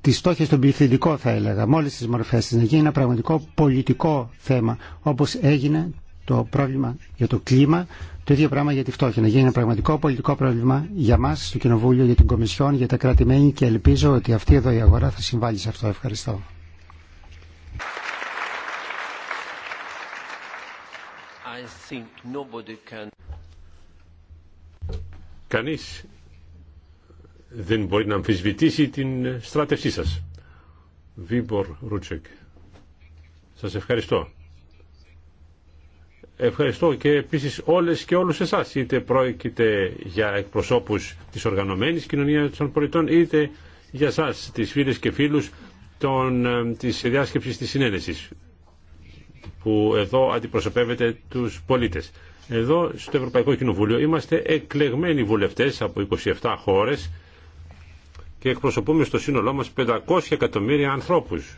της στόχες των πληθυντικό θα έλεγα, με όλες τις μορφές της, να γίνει ένα πραγματικό πολιτικό θέμα, όπως έγινε το πρόβλημα για το κλίμα, το ίδιο πράγμα για τη φτώχεια. Να γίνει ένα πραγματικό πολιτικό πρόβλημα για μα, στο Κοινοβούλιο, για την Κομισιόν, για τα κρατημένη και ελπίζω ότι αυτή εδώ η αγορά θα συμβάλλει σε αυτό. Ευχαριστώ. I Κανείς δεν μπορεί να αμφισβητήσει την στράτευσή σας. Βίμπορ Ρούτσεκ. Σας ευχαριστώ. Ευχαριστώ και επίσης όλες και όλους εσάς, είτε πρόκειται για εκπροσώπους της οργανωμένης κοινωνίας των πολιτών, είτε για σας, τις φίλες και φίλους των, ε, της διάσκεψης της συνένεσης, που εδώ αντιπροσωπεύεται τους πολίτες. Εδώ στο Ευρωπαϊκό Κοινοβούλιο είμαστε εκλεγμένοι βουλευτές από 27 χώρες και εκπροσωπούμε στο σύνολό μας 500 εκατομμύρια ανθρώπους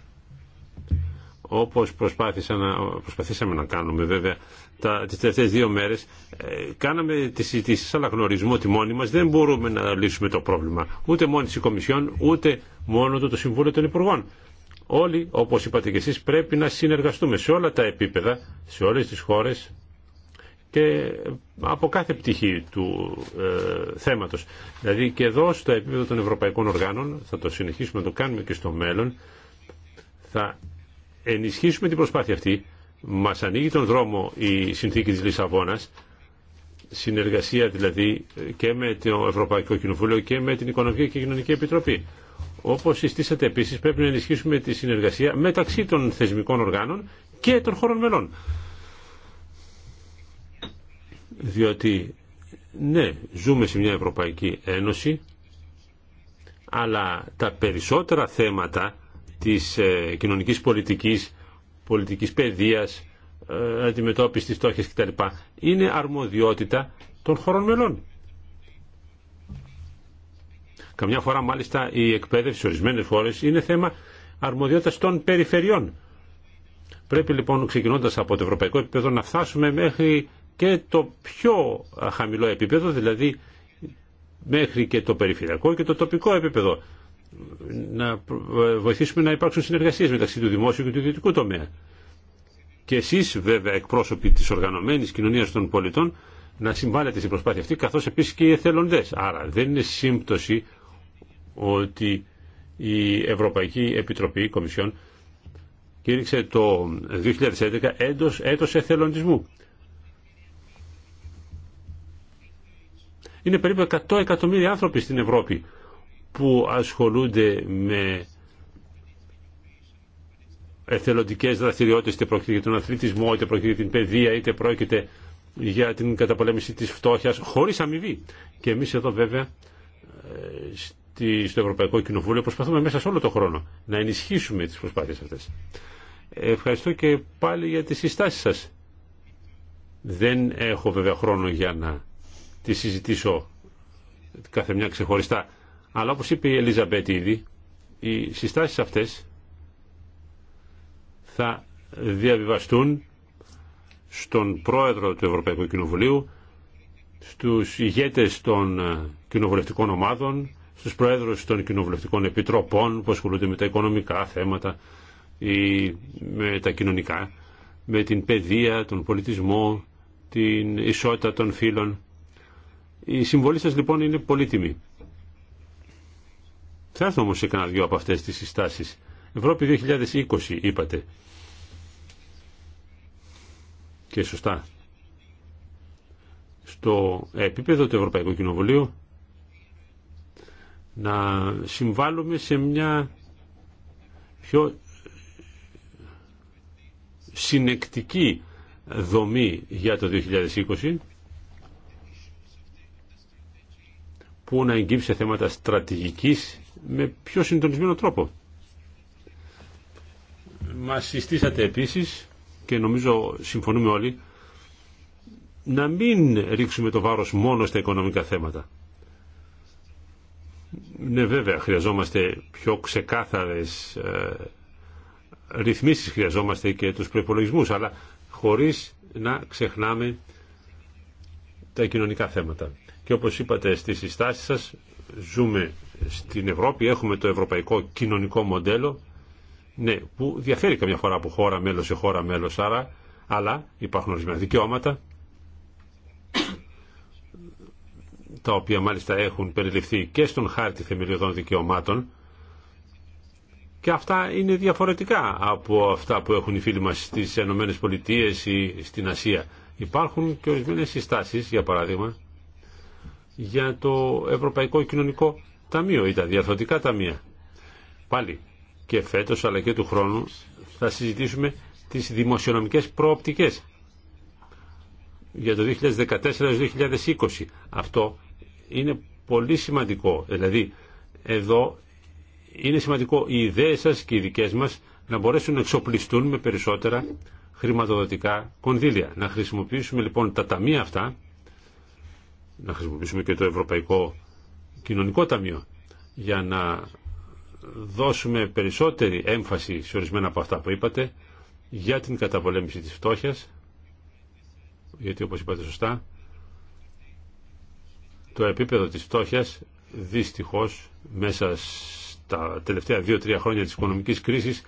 όπως προσπάθησα να, προσπαθήσαμε να κάνουμε βέβαια τα, τις τελευταίες δύο μέρες ε, κάναμε τις συζητήσεις αλλά γνωρίζουμε ότι μόνοι μας δεν μπορούμε να λύσουμε το πρόβλημα ούτε μόνοι της Κομισιόν ούτε μόνο το, το Συμβούλιο των Υπουργών όλοι όπως είπατε και εσείς πρέπει να συνεργαστούμε σε όλα τα επίπεδα σε όλες τις χώρες και από κάθε πτυχή του ε, θέματος. Δηλαδή και εδώ στο επίπεδο των ευρωπαϊκών οργάνων, θα το συνεχίσουμε να το κάνουμε και στο μέλλον, θα ενισχύσουμε την προσπάθεια αυτή, μα ανοίγει τον δρόμο η συνθήκη της Λισαβόνα, συνεργασία δηλαδή και με το Ευρωπαϊκό Κοινοβούλιο και με την Οικονομική και Κοινωνική Επιτροπή. Όπως συστήσατε επίσης πρέπει να ενισχύσουμε τη συνεργασία μεταξύ των θεσμικών οργάνων και των χωρών μελών. Διότι ναι, ζούμε σε μια Ευρωπαϊκή Ένωση, αλλά τα περισσότερα θέματα της ε, κοινωνικής πολιτικής, πολιτικής παιδείας, ε, αντιμετώπιση της στόχης κτλ. Είναι αρμοδιότητα των χωρών μελών. Καμιά φορά μάλιστα η εκπαίδευση σε ορισμένες φορές είναι θέμα αρμοδιότητας των περιφερειών. Πρέπει λοιπόν ξεκινώντας από το ευρωπαϊκό επίπεδο να φτάσουμε μέχρι και το πιο χαμηλό επίπεδο, δηλαδή μέχρι και το περιφερειακό και το τοπικό επίπεδο να ε, βοηθήσουμε να υπάρξουν συνεργασίες μεταξύ του δημόσιου και του ιδιωτικού τομέα. Και εσείς βέβαια εκπρόσωποι της οργανωμένης κοινωνίας των πολιτών να συμβάλλετε στην προσπάθεια αυτή καθώς επίσης και οι εθελοντές. Άρα δεν είναι σύμπτωση ότι η Ευρωπαϊκή Επιτροπή η Κομισιόν κήρυξε το 2011 έτος, έτος εθελοντισμού. Είναι περίπου 100 εκατομμύρια άνθρωποι στην Ευρώπη που ασχολούνται με εθελοντικέ δραστηριότητε, είτε πρόκειται για τον αθλητισμό, είτε πρόκειται για την παιδεία, είτε πρόκειται για την καταπολέμηση τη φτώχεια, χωρί αμοιβή. Και εμεί εδώ βέβαια ε, στο Ευρωπαϊκό Κοινοβούλιο προσπαθούμε μέσα σε όλο τον χρόνο να ενισχύσουμε τι προσπάθειε αυτέ. Ευχαριστώ και πάλι για τις συστάσεις σας. Δεν έχω βέβαια χρόνο για να τις συζητήσω κάθε μια ξεχωριστά. Αλλά όπως είπε η Ελίζαμπετ ήδη, οι συστάσεις αυτές θα διαβιβαστούν στον πρόεδρο του Ευρωπαϊκού Κοινοβουλίου, στους ηγέτες των ε, κοινοβουλευτικών ομάδων, στους πρόεδρους των κοινοβουλευτικών επιτροπών που ασχολούνται με τα οικονομικά θέματα ή με τα κοινωνικά, με την παιδεία, τον πολιτισμό, την ισότητα των φύλων. Η συμβολή σας λοιπόν είναι πολύτιμη. Θα έρθω όμως σε κανένα δυο από αυτές τις συστάσεις. Ευρώπη 2020 είπατε. Και σωστά. Στο επίπεδο του Ευρωπαϊκού Κοινοβουλίου να συμβάλλουμε σε μια πιο συνεκτική δομή για το 2020 που να εγγύψει θέματα στρατηγικής με πιο συντονισμένο τρόπο. Μα συστήσατε επίσης και νομίζω συμφωνούμε όλοι να μην ρίξουμε το βάρος μόνο στα οικονομικά θέματα. Ναι βέβαια, χρειαζόμαστε πιο ξεκάθαρες ε, ρυθμίσεις, χρειαζόμαστε και τους προπολογισμού, αλλά χωρίς να ξεχνάμε τα κοινωνικά θέματα. Και όπως είπατε στις συστάσεις σας, ζούμε στην Ευρώπη έχουμε το ευρωπαϊκό κοινωνικό μοντέλο ναι, που διαφέρει καμιά φορά από χώρα μέλος σε χώρα μέλος άρα, αλλά υπάρχουν ορισμένα δικαιώματα τα οποία μάλιστα έχουν περιληφθεί και στον χάρτη θεμελιωδών δικαιωμάτων και αυτά είναι διαφορετικά από αυτά που έχουν οι φίλοι μας στις Ενωμένες Πολιτείες ή στην Ασία. Υπάρχουν και ορισμένες συστάσεις, για παράδειγμα, για το ευρωπαϊκό κοινωνικό ταμείο ή τα μία. ταμεία. Πάλι και φέτος αλλά και του χρόνου θα συζητήσουμε τις δημοσιονομικές προοπτικές για το 2014-2020. Αυτό είναι πολύ σημαντικό. Δηλαδή εδώ είναι σημαντικό οι ιδέες σας και οι δικές μας να μπορέσουν να εξοπλιστούν με περισσότερα χρηματοδοτικά κονδύλια. Να χρησιμοποιήσουμε λοιπόν τα ταμεία αυτά, να χρησιμοποιήσουμε και το Ευρωπαϊκό κοινωνικό ταμείο για να δώσουμε περισσότερη έμφαση σε ορισμένα από αυτά που είπατε για την καταπολέμηση της φτώχειας γιατί όπως είπατε σωστά το επίπεδο της φτώχειας δυστυχώς μέσα στα τελευταία δύο-τρία χρόνια της οικονομικής κρίσης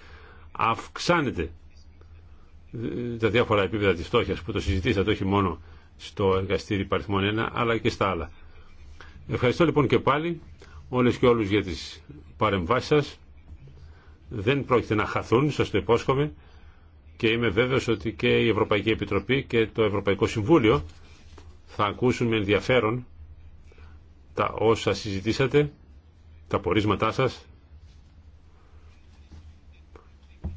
αυξάνεται τα διάφορα επίπεδα της φτώχειας που το συζητήσατε όχι μόνο στο εργαστήρι παριθμών 1 αλλά και στα άλλα. Ευχαριστώ λοιπόν και πάλι όλες και όλους για τις παρεμβάσεις σας. Δεν πρόκειται να χαθούν, σας το υπόσχομαι και είμαι βέβαιος ότι και η Ευρωπαϊκή Επιτροπή και το Ευρωπαϊκό Συμβούλιο θα ακούσουν με ενδιαφέρον τα όσα συζητήσατε, τα πορίσματά σας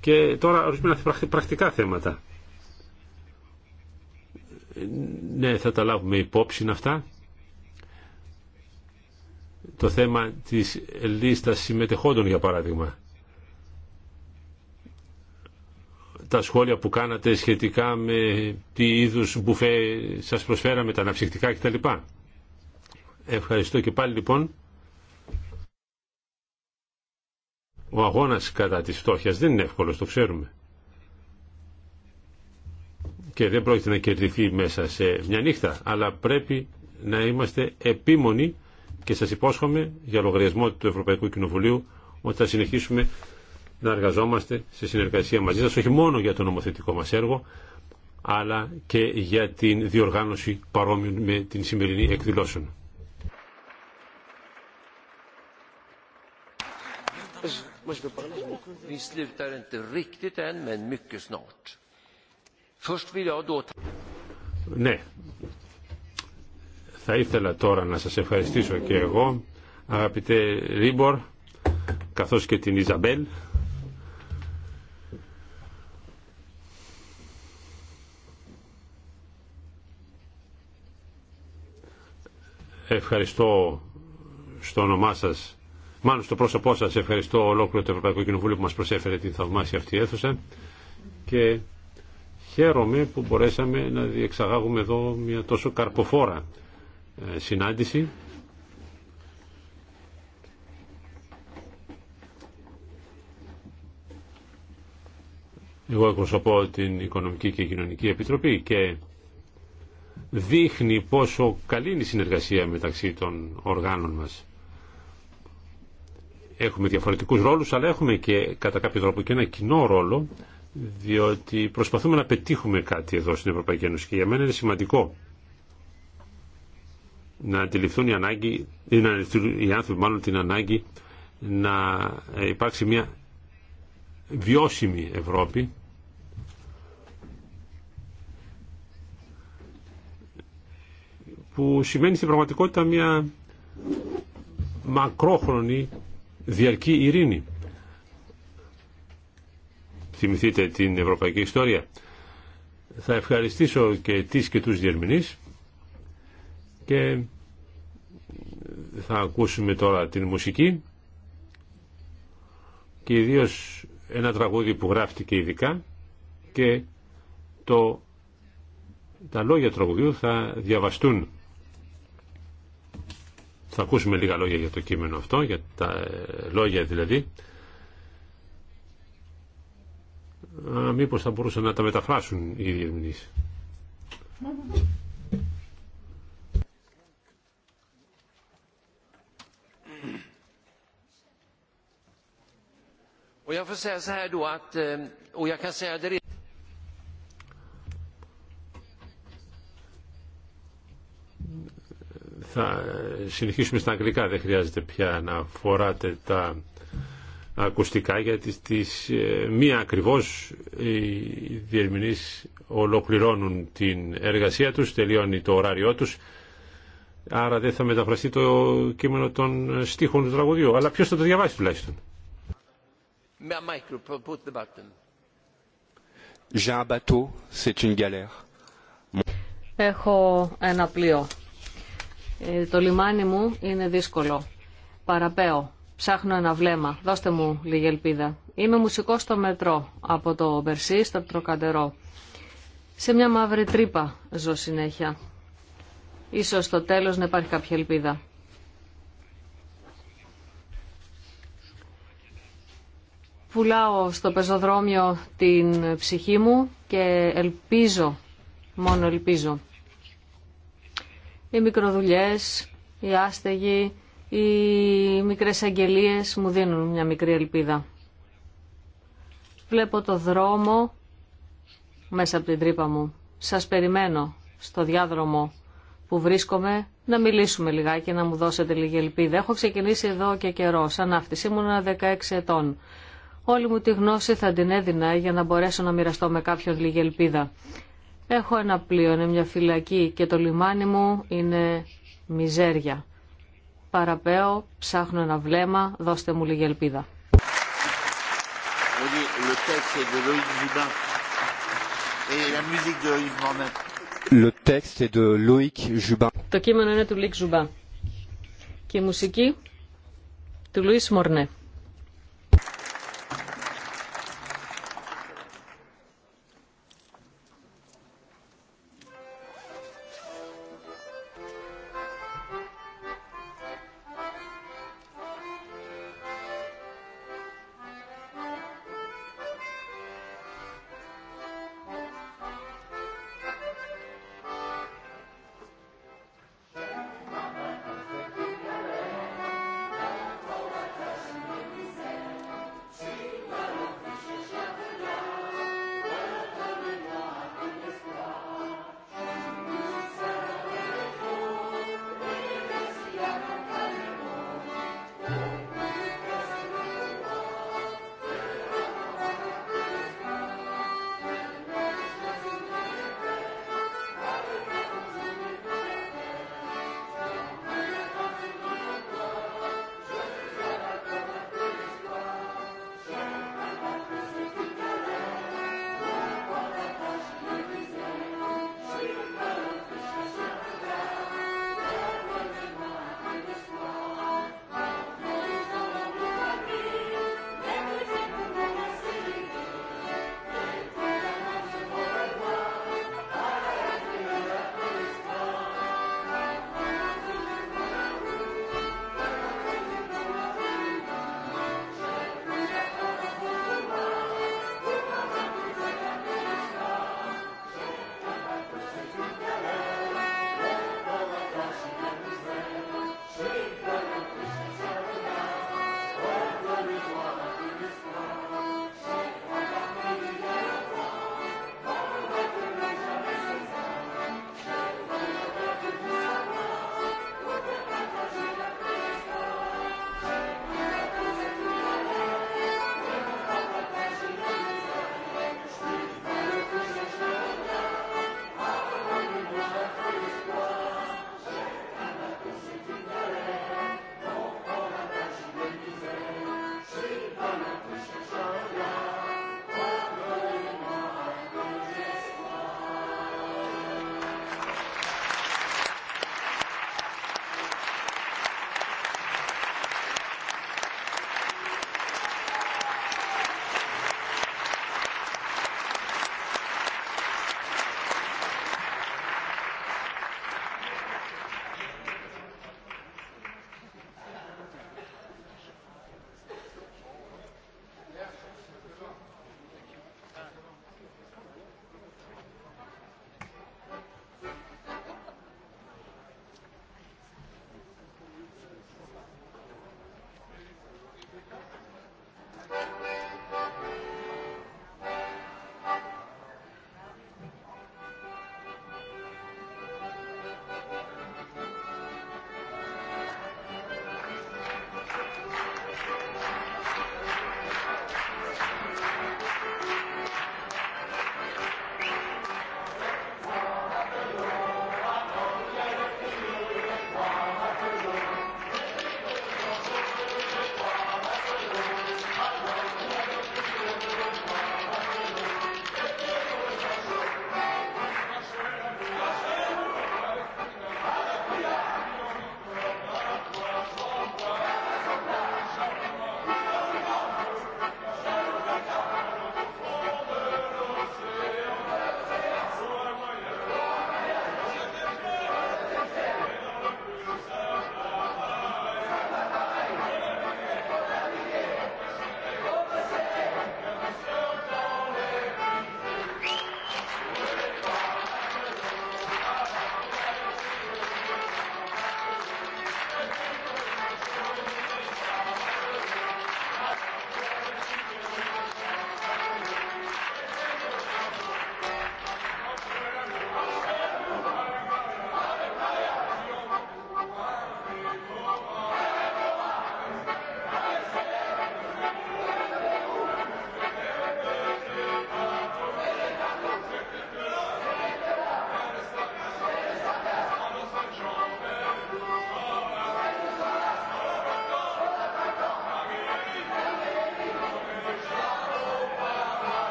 και τώρα ορισμένα πρακτικά θέματα. Ε, ναι, θα τα λάβουμε υπόψη αυτά το θέμα της λίστας συμμετεχόντων για παράδειγμα. Τα σχόλια που κάνατε σχετικά με τι είδους μπουφέ σας προσφέραμε, τα αναψυχτικά κτλ. Ευχαριστώ και πάλι λοιπόν. Ο αγώνας κατά της φτώχειας δεν είναι εύκολος, το ξέρουμε. Και δεν πρόκειται να κερδιθεί μέσα σε μια νύχτα, αλλά πρέπει να είμαστε επίμονοι και σας υπόσχομαι για λογαριασμό του Ευρωπαϊκού Κοινοβουλίου ότι θα συνεχίσουμε να εργαζόμαστε σε συνεργασία μαζί σας όχι μόνο για το νομοθετικό μας έργο αλλά και για την διοργάνωση παρόμοιων με την σημερινή εκδηλώσεων. Ναι, θα ήθελα τώρα να σας ευχαριστήσω και εγώ, αγαπητέ Ρίμπορ, καθώς και την Ιζαμπέλ. Ευχαριστώ στο όνομά σας μάλλον στο πρόσωπό σας ευχαριστώ ολόκληρο το Ευρωπαϊκό Κοινοβούλιο που μας προσέφερε την θαυμάσια αυτή αίθουσα και χαίρομαι που μπορέσαμε να διεξαγάγουμε εδώ μια τόσο καρποφόρα ε, συνάντηση εγώ εκπροσωπώ την Οικονομική και Κοινωνική Επιτροπή και δείχνει πόσο καλή είναι η συνεργασία μεταξύ των οργάνων μας. Έχουμε διαφορετικούς ρόλους, αλλά έχουμε και κατά κάποιο τρόπο και ένα κοινό ρόλο, διότι προσπαθούμε να πετύχουμε κάτι εδώ στην Ευρωπαϊκή Ένωση και για μένα είναι σημαντικό να αντιληφθούν οι, ανάγκη, ή να αντιληφθούν οι άνθρωποι μάλλον την ανάγκη να υπάρξει μια βιώσιμη Ευρώπη που σημαίνει στην πραγματικότητα μια μακρόχρονη διαρκή ειρήνη. Θυμηθείτε την ευρωπαϊκή ιστορία. Θα ευχαριστήσω και τις και τους διερμηνείς και θα ακούσουμε τώρα την μουσική και ιδίως ένα τραγούδι που γράφτηκε ειδικά και το, τα λόγια τραγουδιού θα διαβαστούν. Θα ακούσουμε λίγα λόγια για το κείμενο αυτό, για τα ε, λόγια δηλαδή. Α, μήπως θα μπορούσαν να τα μεταφράσουν οι διερμηνείς. säga Θα συνεχίσουμε στα αγγλικά, δεν χρειάζεται πια να φοράτε τα ακουστικά γιατί στις ε, μία ακριβώς οι διερμηνείς ολοκληρώνουν την εργασία τους, τελειώνει το ωράριό τους άρα δεν θα μεταφραστεί το κείμενο των στίχων του τραγουδιού αλλά ποιος θα το διαβάσει τουλάχιστον. Έχω ένα πλοίο. Ε, το λιμάνι μου είναι δύσκολο. Παραπέω. Ψάχνω ένα βλέμμα. Δώστε μου λίγη ελπίδα. Είμαι μουσικό στο μετρό, από το Μπερσί στο Τροκαντερό. Σε μια μαύρη τρύπα ζω συνέχεια. Ίσως στο τέλος να υπάρχει κάποια ελπίδα. Πουλάω στο πεζοδρόμιο την ψυχή μου και ελπίζω, μόνο ελπίζω. Οι μικροδουλειές, οι άστεγοι, οι μικρές αγγελίες μου δίνουν μια μικρή ελπίδα. Βλέπω το δρόμο μέσα από την τρύπα μου. Σας περιμένω στο διάδρομο που βρίσκομαι να μιλήσουμε λιγάκι, να μου δώσετε λίγη ελπίδα. Έχω ξεκινήσει εδώ και καιρό. Σαν αύτης ήμουν 16 ετών όλη μου τη γνώση θα την έδινα για να μπορέσω να μοιραστώ με κάποιον λίγη ελπίδα. Έχω ένα πλοίο, είναι μια φυλακή και το λιμάνι μου είναι μιζέρια. Παραπέω, ψάχνω ένα βλέμμα, δώστε μου λίγη ελπίδα. Το κείμενο είναι του Λίκ Ζουμπά και η μουσική του Λουίς Μορνέ.